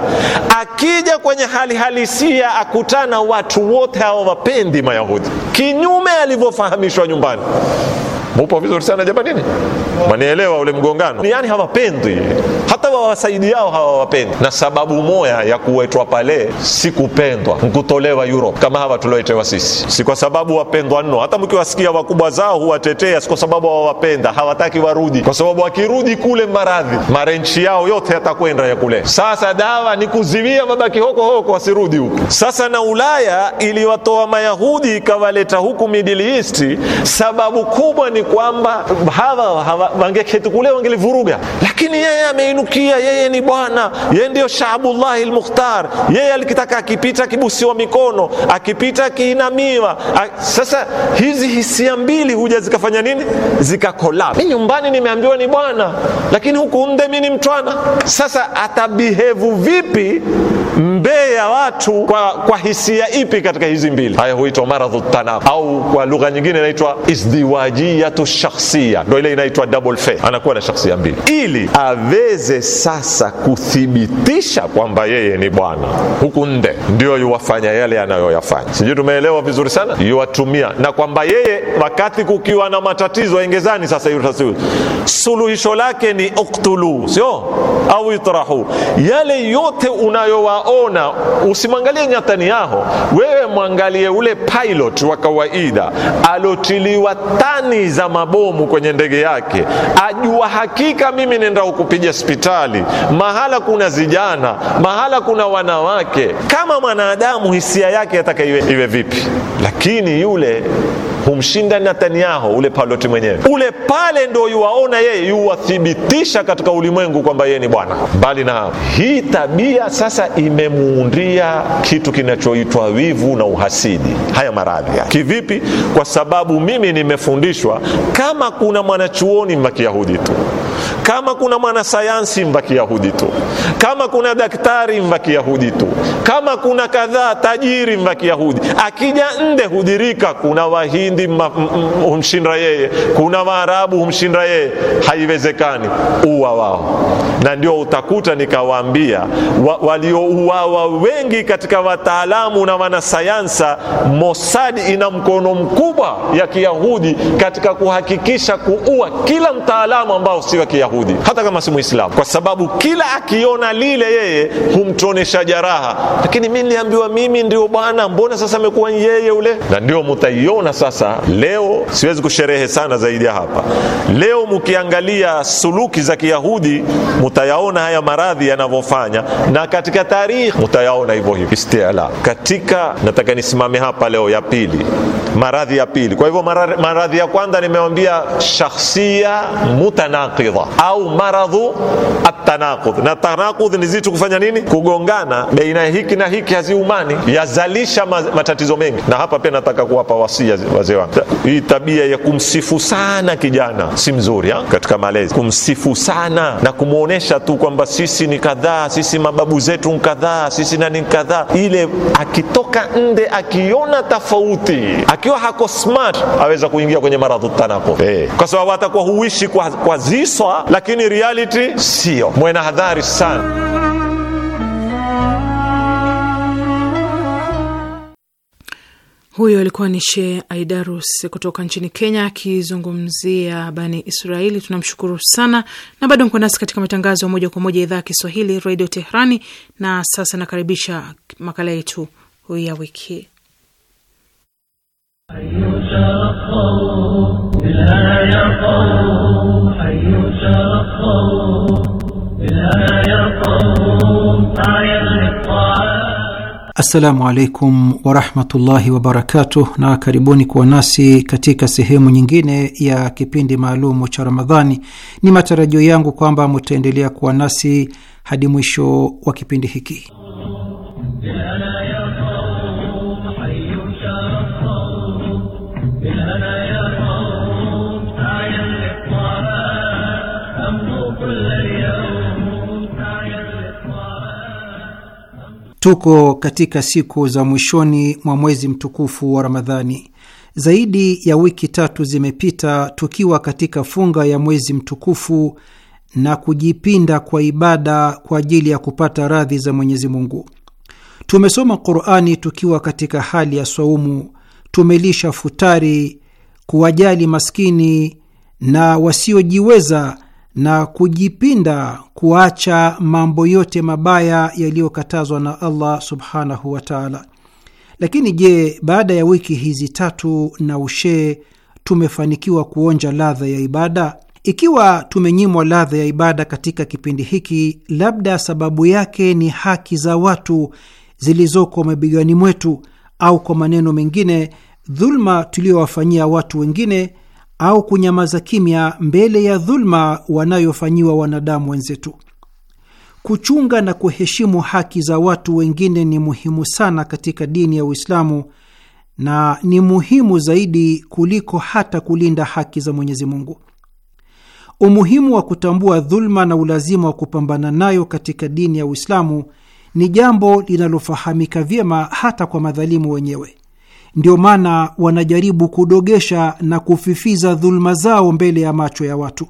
Akija kwenye hali hali halisia akutana watu wote hawa wapendi Mayahudi, kinyume alivyofahamishwa nyumbani. Mupo vizuri sana jamanini, manielewa ule mgongano, yani hawapendi hata yao hawawapendi. Na sababu moya ya kuwetwa pale si kupendwa, nkutolewa Europe kama hawa tulioetewa sisi, si kwa sababu wapendwa nno. Hata mkiwasikia wakubwa zao huwatetea, si kwa sababu hawawapenda, hawataki warudi, kwa sababu wakirudi kule maradhi marenchi yao yote yatakwenda ya kule. Sasa dawa ni kuziwia mabaki hoko hoko wasirudi huku. Sasa na Ulaya iliwatoa Mayahudi ikawaleta huku Middle East, sababu kubwa ni kwamba hawa, hawa wangeketi kule wangelivuruga, lakini yeye ameinuka kumgeukia yeye ni bwana yeye ndio shaabullahi lmukhtar yeye alikitaka akipita akibusiwa mikono akipita akiinamiwa sasa hizi hisia mbili huja zikafanya nini zikakola mi nyumbani nimeambiwa ni bwana lakini huku mde mi ni mtwana sasa atabihevu vipi mbee ya watu kwa, kwa hisia ipi katika hizi mbili haya huitwa maradhu tanab au kwa lugha nyingine inaitwa izdiwajiyatu shakhsia ndo ile inaitwa double anakuwa na shakhsia mbili ili aveze sasa kuthibitisha kwamba yeye ni Bwana huku nde, ndio yuwafanya yale anayoyafanya. Sijui tumeelewa vizuri sana, yuwatumia na kwamba yeye wakati kukiwa na matatizo engezani, sasa hiyo suluhisho lake ni uktulu, sio au itrahu. Yale yote unayowaona usimwangalie nyatani yaho, wewe mwangalie ule pilot wa kawaida alotiliwa tani za mabomu kwenye ndege yake, ajua hakika mimi nenda kukupiga spitali mbalimbali, mahala kuna zijana mahala kuna wanawake. Kama mwanadamu hisia yake yataka iwe, iwe vipi? Lakini yule humshinda Netanyahu ule paloti mwenyewe ule pale, ndo yuwaona yeye, yuwathibitisha katika ulimwengu kwamba yeye ni bwana. Mbali na hapo, hii tabia sasa imemuundia kitu kinachoitwa wivu na uhasidi, haya maradhi ya kivipi? Kwa sababu mimi nimefundishwa, kama kuna mwanachuoni makiyahudi tu kama kuna mwanasayansi kiyahudi tu, kama kuna daktari kiyahudi tu, kama kuna kadhaa tajiri kiyahudi Akija nde hudirika, kuna wahindi humshinda yeye, kuna waarabu humshinda yeye, haiwezekani. Uwa wao, na ndio utakuta nikawaambia, wa, waliouawa wengi katika wataalamu na wanasayansa, mosadi ina mkono mkubwa ya kiyahudi katika kuhakikisha kuua kila mtaalamu ambao si wa Kiyahudi, hata kama si Muislamu, kwa sababu kila akiona lile yeye humtonesha jaraha. Lakini mi niliambiwa mimi ndio bwana, mbona sasa amekuwa yeye ule? Na ndio mutaiona sasa. Leo siwezi kusherehe sana zaidi ya hapa. Leo mukiangalia suluki za Kiyahudi mutayaona haya maradhi yanavyofanya, na katika tarikhi mutayaona hivyo hivyo istiala. Katika nataka nisimame hapa leo, ya pili, maradhi ya pili. Kwa hivyo maradhi ya kwanza nimewambia shakhsia mutanaqidha almaridha au maradhu atanaqudh. Na tanaqudh ni zitu kufanya nini? Kugongana baina ya hiki na hiki, haziumani, yazalisha matatizo mengi. Na hapa pia nataka kuwapa wasia wazee wangu, hii tabia ya kumsifu sana kijana si mzuri ha? Katika malezi kumsifu sana na kumwonyesha tu kwamba sisi ni kadhaa, sisi mababu zetu ni kadhaa, sisi nani kadhaa, ile akitoka nde akiona tofauti, akiwa hako smart aweza kuingia kwenye maradhu tanaqudh, hey. Eh, kwa sababu atakuwa huishi kwa, kwa ziso poa, lakini reality sio. Mwena hadhari sana. Huyo alikuwa ni She Aidarus kutoka nchini Kenya akizungumzia Bani Israeli. Tunamshukuru sana, na bado mko nasi katika matangazo ya moja kwa moja idhaa ya Kiswahili Radio Tehrani. Na sasa nakaribisha makala yetu ya wiki Assalamu alaikum warahmatullahi wabarakatuh, na karibuni kuwa nasi katika sehemu nyingine ya kipindi maalumu cha Ramadhani. Ni matarajio yangu kwamba mutaendelea kuwa nasi hadi mwisho wa kipindi hiki. Tuko katika siku za mwishoni mwa mwezi mtukufu wa Ramadhani. Zaidi ya wiki tatu zimepita tukiwa katika funga ya mwezi mtukufu na kujipinda kwa ibada kwa ajili ya kupata radhi za Mwenyezi Mungu. Tumesoma Qur'ani tukiwa katika hali ya saumu, tumelisha futari, kuwajali maskini na wasiojiweza na kujipinda kuacha mambo yote mabaya yaliyokatazwa na Allah subhanahu wa taala. Lakini je, baada ya wiki hizi tatu na ushee tumefanikiwa kuonja ladha ya ibada? Ikiwa tumenyimwa ladha ya ibada katika kipindi hiki, labda sababu yake ni haki za watu zilizoko mabegani mwetu, au kwa maneno mengine, dhulma tuliyowafanyia watu wengine au kunyamaza kimya mbele ya dhulma wanayofanyiwa wanadamu wenzetu. Kuchunga na kuheshimu haki za watu wengine ni muhimu sana katika dini ya Uislamu na ni muhimu zaidi kuliko hata kulinda haki za Mwenyezi Mungu. Umuhimu wa kutambua dhuluma na ulazima wa kupambana nayo katika dini ya Uislamu ni jambo linalofahamika vyema hata kwa madhalimu wenyewe. Ndio maana wanajaribu kudogesha na kufifiza dhuluma zao mbele ya macho ya watu.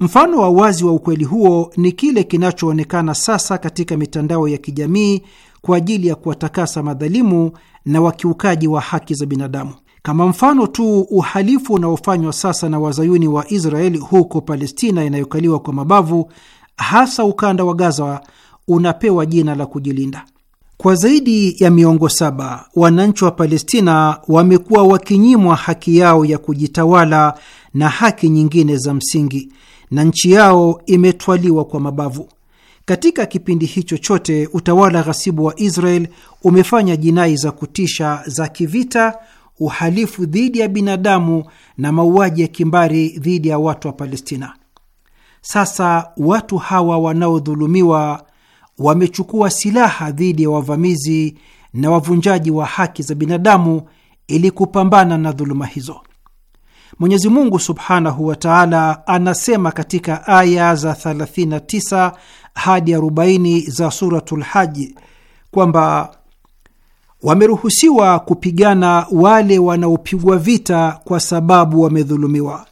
Mfano wa wazi wa ukweli huo ni kile kinachoonekana sasa katika mitandao ya kijamii kwa ajili ya kuwatakasa madhalimu na wakiukaji wa haki za binadamu. Kama mfano tu, uhalifu unaofanywa sasa na wazayuni wa Israeli huko Palestina inayokaliwa kwa mabavu, hasa ukanda wa Gaza, unapewa jina la kujilinda. Kwa zaidi ya miongo saba wananchi wa Palestina wamekuwa wakinyimwa haki yao ya kujitawala na haki nyingine za msingi, na nchi yao imetwaliwa kwa mabavu. Katika kipindi hicho chote, utawala ghasibu wa Israel umefanya jinai za kutisha za kivita, uhalifu dhidi ya binadamu na mauaji ya kimbari dhidi ya watu wa Palestina. Sasa watu hawa wanaodhulumiwa wamechukua silaha dhidi ya wavamizi na wavunjaji wa haki za binadamu ili kupambana na dhuluma hizo. Mwenyezi Mungu subhanahu wa taala anasema katika aya za 39 hadi 40 za Suratul Haji kwamba wameruhusiwa kupigana wale wanaopigwa vita kwa sababu wamedhulumiwa,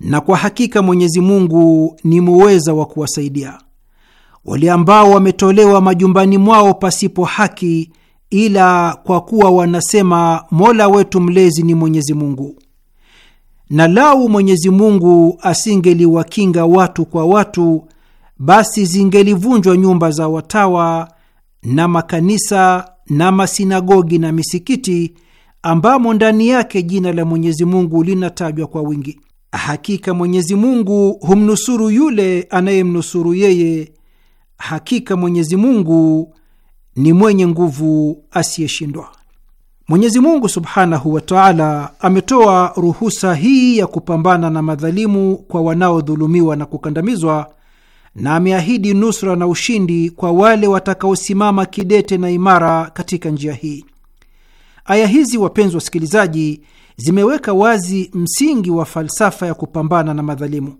na kwa hakika Mwenyezi Mungu ni muweza wa kuwasaidia wale ambao wametolewa majumbani mwao pasipo haki, ila kwa kuwa wanasema Mola wetu mlezi ni Mwenyezi Mungu. Na lau Mwenyezi Mungu asingeliwakinga watu kwa watu, basi zingelivunjwa nyumba za watawa na makanisa na masinagogi na misikiti ambamo ndani yake jina la Mwenyezi Mungu linatajwa kwa wingi. Hakika Mwenyezi Mungu humnusuru yule anayemnusuru yeye hakika Mwenyezi Mungu ni mwenye nguvu asiyeshindwa. Mwenyezi Mungu subhanahu wa taala ametoa ruhusa hii ya kupambana na madhalimu kwa wanaodhulumiwa na kukandamizwa, na ameahidi nusra na ushindi kwa wale watakaosimama kidete na imara katika njia hii. Aya hizi, wapenzi wasikilizaji, zimeweka wazi msingi wa falsafa ya kupambana na madhalimu.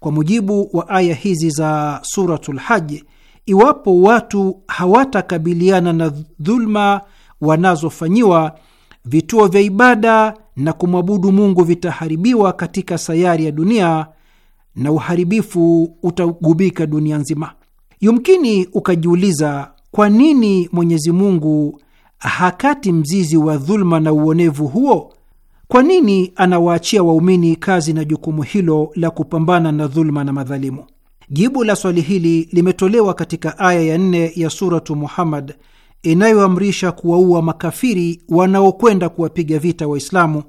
Kwa mujibu wa aya hizi za Suratul Haji, iwapo watu hawatakabiliana na dhulma wanazofanyiwa, vituo vya ibada na kumwabudu Mungu vitaharibiwa katika sayari ya dunia na uharibifu utagubika dunia nzima. Yumkini ukajiuliza kwa nini Mwenyezi Mungu hakati mzizi wa dhulma na uonevu huo kwa nini anawaachia waumini kazi na jukumu hilo la kupambana na dhuluma na madhalimu? Jibu la swali hili limetolewa katika aya ya nne ya Suratu Muhammad inayoamrisha kuwaua makafiri wanaokwenda kuwapiga vita Waislamu,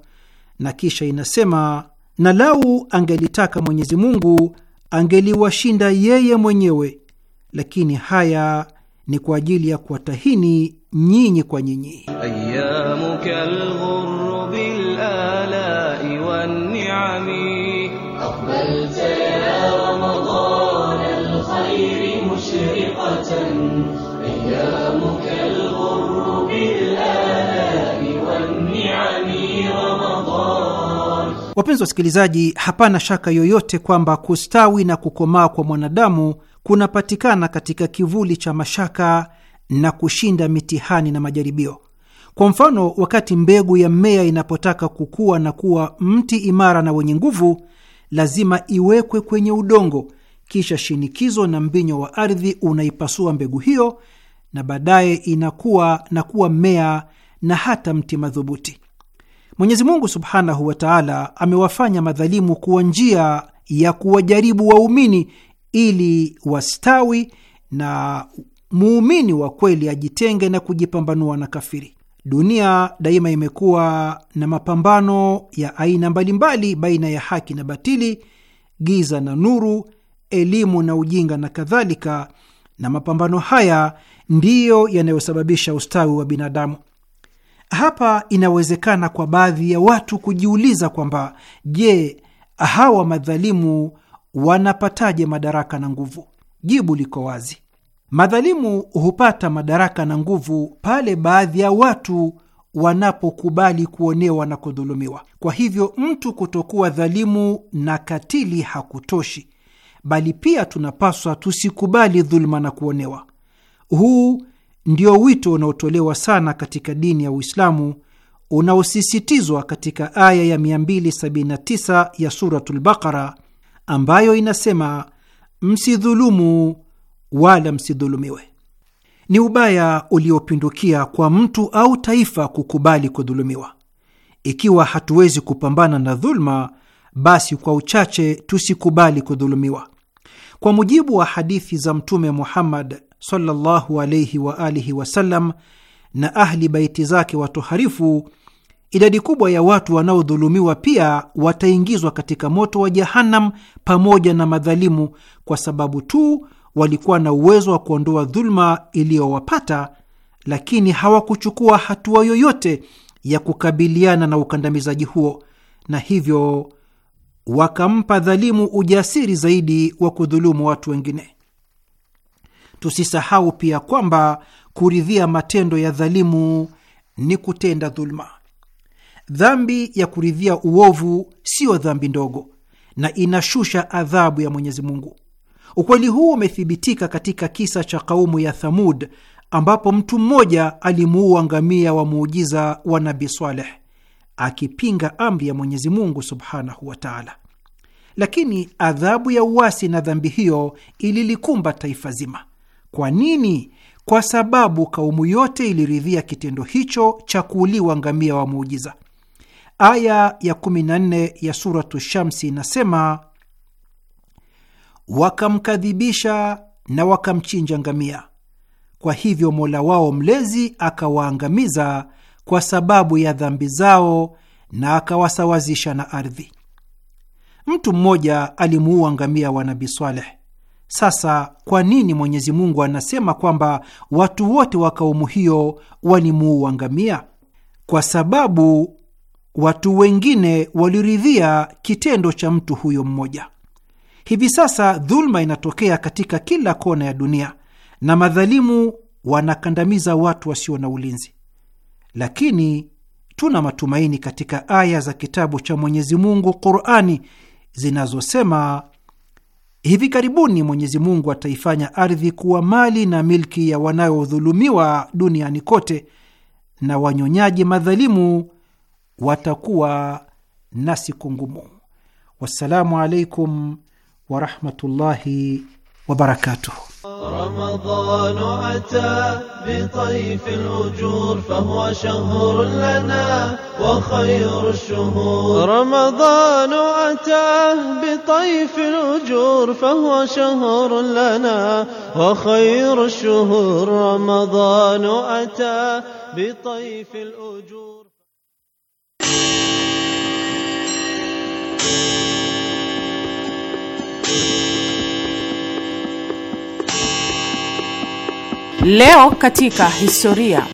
na kisha inasema, na lau angelitaka Mwenyezi Mungu angeliwashinda yeye mwenyewe, lakini haya ni kwa ajili ya kuwatahini nyinyi kwa nyinyi. Wapenzi wasikilizaji, hapana shaka yoyote kwamba kustawi na kukomaa kwa mwanadamu kunapatikana katika kivuli cha mashaka na kushinda mitihani na majaribio. Kwa mfano, wakati mbegu ya mmea inapotaka kukua na kuwa mti imara na wenye nguvu, lazima iwekwe kwenye udongo, kisha shinikizo na mbinyo wa ardhi unaipasua mbegu hiyo, na baadaye inakuwa na kuwa mmea na hata mti madhubuti. Mwenyezi Mungu subhanahu wa taala amewafanya madhalimu kuwa njia ya kuwajaribu waumini ili wastawi na muumini wa kweli ajitenge na kujipambanua na kafiri. Dunia daima imekuwa na mapambano ya aina mbalimbali baina ya haki na batili, giza na nuru, elimu na ujinga na kadhalika, na mapambano haya ndiyo yanayosababisha ustawi wa binadamu. Hapa inawezekana kwa baadhi ya watu kujiuliza kwamba je, hawa madhalimu wanapataje madaraka na nguvu? Jibu liko wazi. Madhalimu hupata madaraka na nguvu pale baadhi ya watu wanapokubali kuonewa na kudhulumiwa. Kwa hivyo mtu kutokuwa dhalimu na katili hakutoshi, bali pia tunapaswa tusikubali dhuluma na kuonewa. Huu ndio wito unaotolewa sana katika dini ya Uislamu unaosisitizwa katika aya ya 279 ya Suratul Baqara ambayo inasema, msidhulumu wala msidhulumiwe. Ni ubaya uliopindukia kwa mtu au taifa kukubali kudhulumiwa. Ikiwa hatuwezi kupambana na dhulma, basi kwa uchache tusikubali kudhulumiwa. Kwa mujibu wa hadithi za Mtume Muhammad sallallahu alayhi wa alihi wasallam na ahli baiti zake watoharifu, idadi kubwa ya watu wanaodhulumiwa pia wataingizwa katika moto wa Jahannam pamoja na madhalimu, kwa sababu tu walikuwa na uwezo wa kuondoa dhuluma iliyowapata, lakini hawakuchukua hatua yoyote ya kukabiliana na ukandamizaji huo, na hivyo wakampa dhalimu ujasiri zaidi wa kudhulumu watu wengine. Tusisahau pia kwamba kuridhia matendo ya dhalimu ni kutenda dhuluma. Dhambi ya kuridhia uovu siyo dhambi ndogo na inashusha adhabu ya Mwenyezi Mungu. Ukweli huu umethibitika katika kisa cha kaumu ya Thamud ambapo mtu mmoja alimuua ngamia wa muujiza wa Nabi Saleh akipinga amri ya Mwenyezi Mungu subhanahu wa taala, lakini adhabu ya uasi na dhambi hiyo ililikumba taifa zima. Kwa nini? Kwa sababu kaumu yote iliridhia kitendo hicho cha kuuliwa ngamia wa muujiza. Aya ya 14 ya Suratu Shamsi inasema wakamkadhibisha na wakamchinja ngamia, kwa hivyo Mola wao mlezi akawaangamiza kwa sababu ya dhambi zao na akawasawazisha na ardhi. Mtu mmoja alimuua ngamia wa Nabi Swaleh. Sasa kwa nini Mwenyezi Mungu anasema kwamba watu wote wa kaumu hiyo walimuua ngamia? Kwa sababu watu wengine waliridhia kitendo cha mtu huyo mmoja. Hivi sasa dhuluma inatokea katika kila kona ya dunia na madhalimu wanakandamiza watu wasio na ulinzi, lakini tuna matumaini katika aya za kitabu cha Mwenyezi Mungu Qur'ani zinazosema Hivi karibuni Mwenyezi Mungu ataifanya ardhi kuwa mali na milki ya wanaodhulumiwa duniani kote, na wanyonyaji madhalimu watakuwa na siku ngumu. Wassalamu alaikum warahmatullahi wabarakatuh. رمضان أتى بطيف الأجور فهو شهر لنا وخير الشهور رمضان أتى بطيف الأجور فهو شهر لنا وخير الشهور رمضان أتى بطيف الأجور Thank you. Leo katika historia.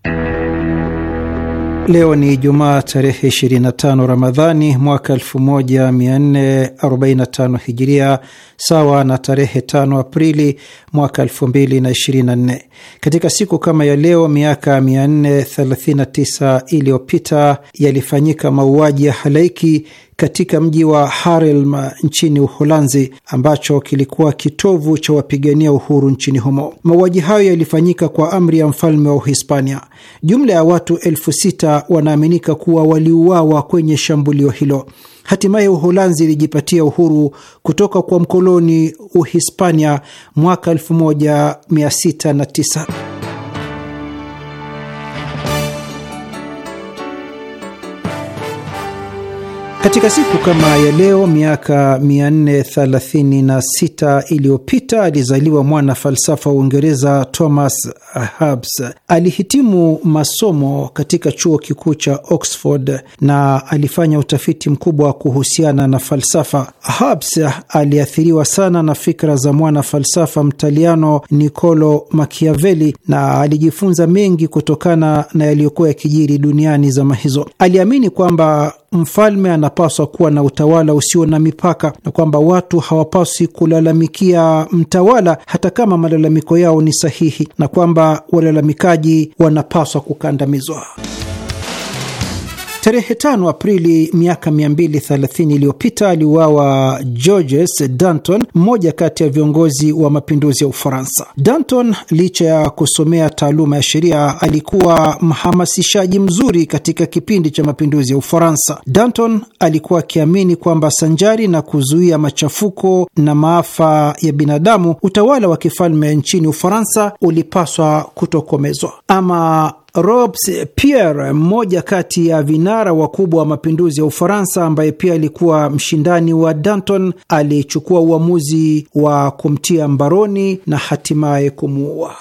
Leo ni Jumaa tarehe 25 Ramadhani mwaka 1445 Hijiria, sawa na tarehe 5 Aprili mwaka 2024. Katika siku kama ya leo miaka 439 iliyopita yalifanyika mauaji ya halaiki katika mji wa Haarlem nchini Uholanzi, ambacho kilikuwa kitovu cha wapigania uhuru nchini humo. Mauaji hayo yalifanyika kwa amri ya mfalme wa Uhispania. Jumla ya watu elfu sita wanaaminika kuwa waliuawa kwenye shambulio hilo. Hatimaye Uholanzi ilijipatia uhuru kutoka kwa mkoloni Uhispania mwaka 1609. Katika siku kama ya leo miaka 436 iliyopita alizaliwa mwana falsafa wa Uingereza Thomas Hobbes. Alihitimu masomo katika chuo kikuu cha Oxford na alifanya utafiti mkubwa kuhusiana na falsafa. Hobbes aliathiriwa sana na fikra za mwana falsafa mtaliano Niccolo Machiavelli na alijifunza mengi kutokana na yaliyokuwa yakijiri duniani zama hizo. Aliamini kwamba mfalme anapaswa kuwa na utawala usio na mipaka na kwamba watu hawapaswi kulalamikia mtawala hata kama malalamiko yao ni sahihi na kwamba walalamikaji wanapaswa kukandamizwa. Tarehe 5 Aprili miaka 230 iliyopita aliuawa Georges Danton, mmoja kati ya viongozi wa mapinduzi ya Ufaransa. Danton, licha ya kusomea taaluma ya sheria, alikuwa mhamasishaji mzuri katika kipindi cha mapinduzi ya Ufaransa. Danton alikuwa akiamini kwamba sanjari na kuzuia machafuko na maafa ya binadamu, utawala wa kifalme nchini Ufaransa ulipaswa kutokomezwa. Ama Robespierre, mmoja kati ya vinara wakubwa wa mapinduzi ya Ufaransa, ambaye pia alikuwa mshindani wa Danton, alichukua uamuzi wa kumtia mbaroni na hatimaye kumuua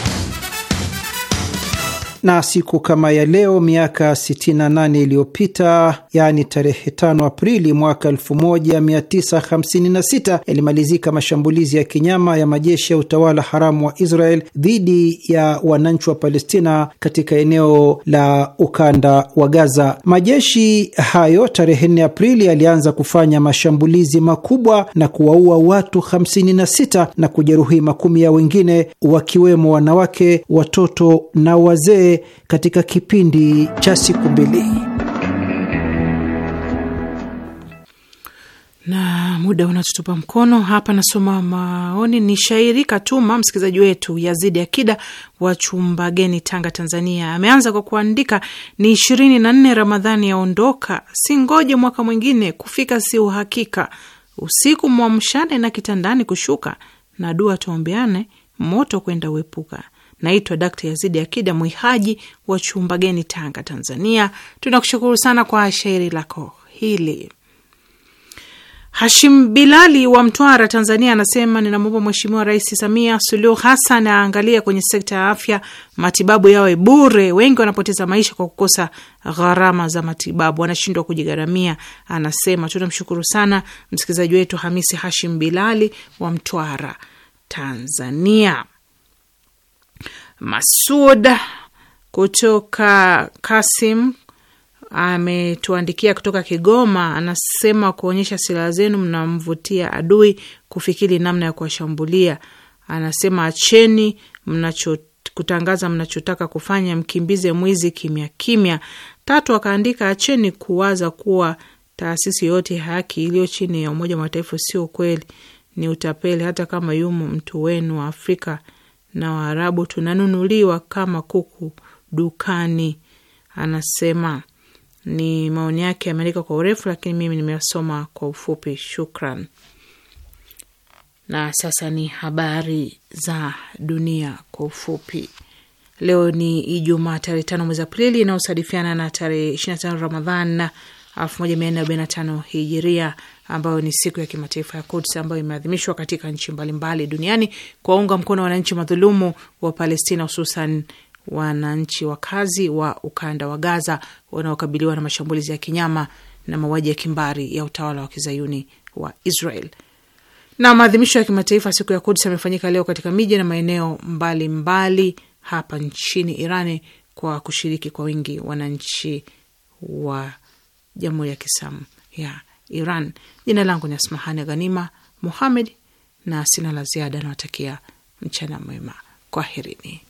na siku kama ya leo miaka 68 iliyopita, yaani tarehe 5 Aprili mwaka 1956 yalimalizika mashambulizi ya kinyama ya majeshi ya utawala haramu wa Israel dhidi ya wananchi wa Palestina katika eneo la ukanda wa Gaza. Majeshi hayo tarehe 4 Aprili yalianza kufanya mashambulizi makubwa na kuwaua watu 56 na kujeruhi makumi ya wengine, wakiwemo wanawake, watoto na wazee katika kipindi cha siku mbili. na muda unatutupa mkono hapa. Nasoma maoni. Ni shairi katuma msikilizaji wetu Yazidi Akida wa Chumbageni, Tanga, Tanzania. Ameanza kwa kuandika ni ishirini na nne Ramadhani yaondoka, si ngoje mwaka mwingine kufika, si uhakika. Usiku mwamshane na kitandani kushuka, na dua tuombeane, moto kwenda uepuka. Naitwa Dkt Yazidi Akida Mwihaji wa Chumbageni, Tanga, Tanzania. Tunakushukuru sana kwa shairi lako hili. Hashim Bilali wa Mtwara, Tanzania, anasema ninamwomba Mheshimiwa Rais Samia Suluhu Hassan aangalia kwenye sekta ya afya, matibabu yawe bure. Wengi wanapoteza maisha kwa kukosa gharama za matibabu, wanashindwa kujigharamia, anasema. Tunamshukuru sana msikilizaji wetu Hamisi Hashim Bilali wa Mtwara, Tanzania. Masud kutoka Kasim ametuandikia kutoka Kigoma, anasema kuonyesha silaha zenu mnamvutia adui kufikiri namna ya kuwashambulia. Anasema acheni mnacho kutangaza mnachotaka kufanya, mkimbize mwizi kimya kimya. Tatu akaandika acheni kuwaza kuwa taasisi yote haki iliyo chini ya Umoja wa Mataifa sio kweli, ni utapeli, hata kama yumo mtu wenu wa Afrika na Waarabu tunanunuliwa kama kuku dukani, anasema. Ni maoni yake, ameandika kwa urefu, lakini mimi nimeyasoma kwa ufupi. Shukran. Na sasa ni habari za dunia kwa ufupi. Leo ni Ijumaa tarehe tano mwezi Aprili inayosadifiana na tarehe tano Ramadhan na moja tano hijiria ambayo ni siku ya kimataifa ya Quds ambayo imeadhimishwa katika nchi mbalimbali mbali duniani kuwaunga mkono wananchi madhulumu wa Palestina, hususan wananchi wakazi wa ukanda wa Gaza wanaokabiliwa na mashambulizi ya kinyama na mauaji ya kimbari ya utawala wa kizayuni wa Israel. Na maadhimisho ya kimataifa siku ya Quds yamefanyika leo katika miji na maeneo mbalimbali mbali hapa nchini Irani kwa kushiriki kwa wingi wananchi wa Jamhuri ya kisamu ya Iran. Jina langu ni Asmahani Ghanima Muhamed na sina la ziada, nawatakia mchana mwema, kwaherini.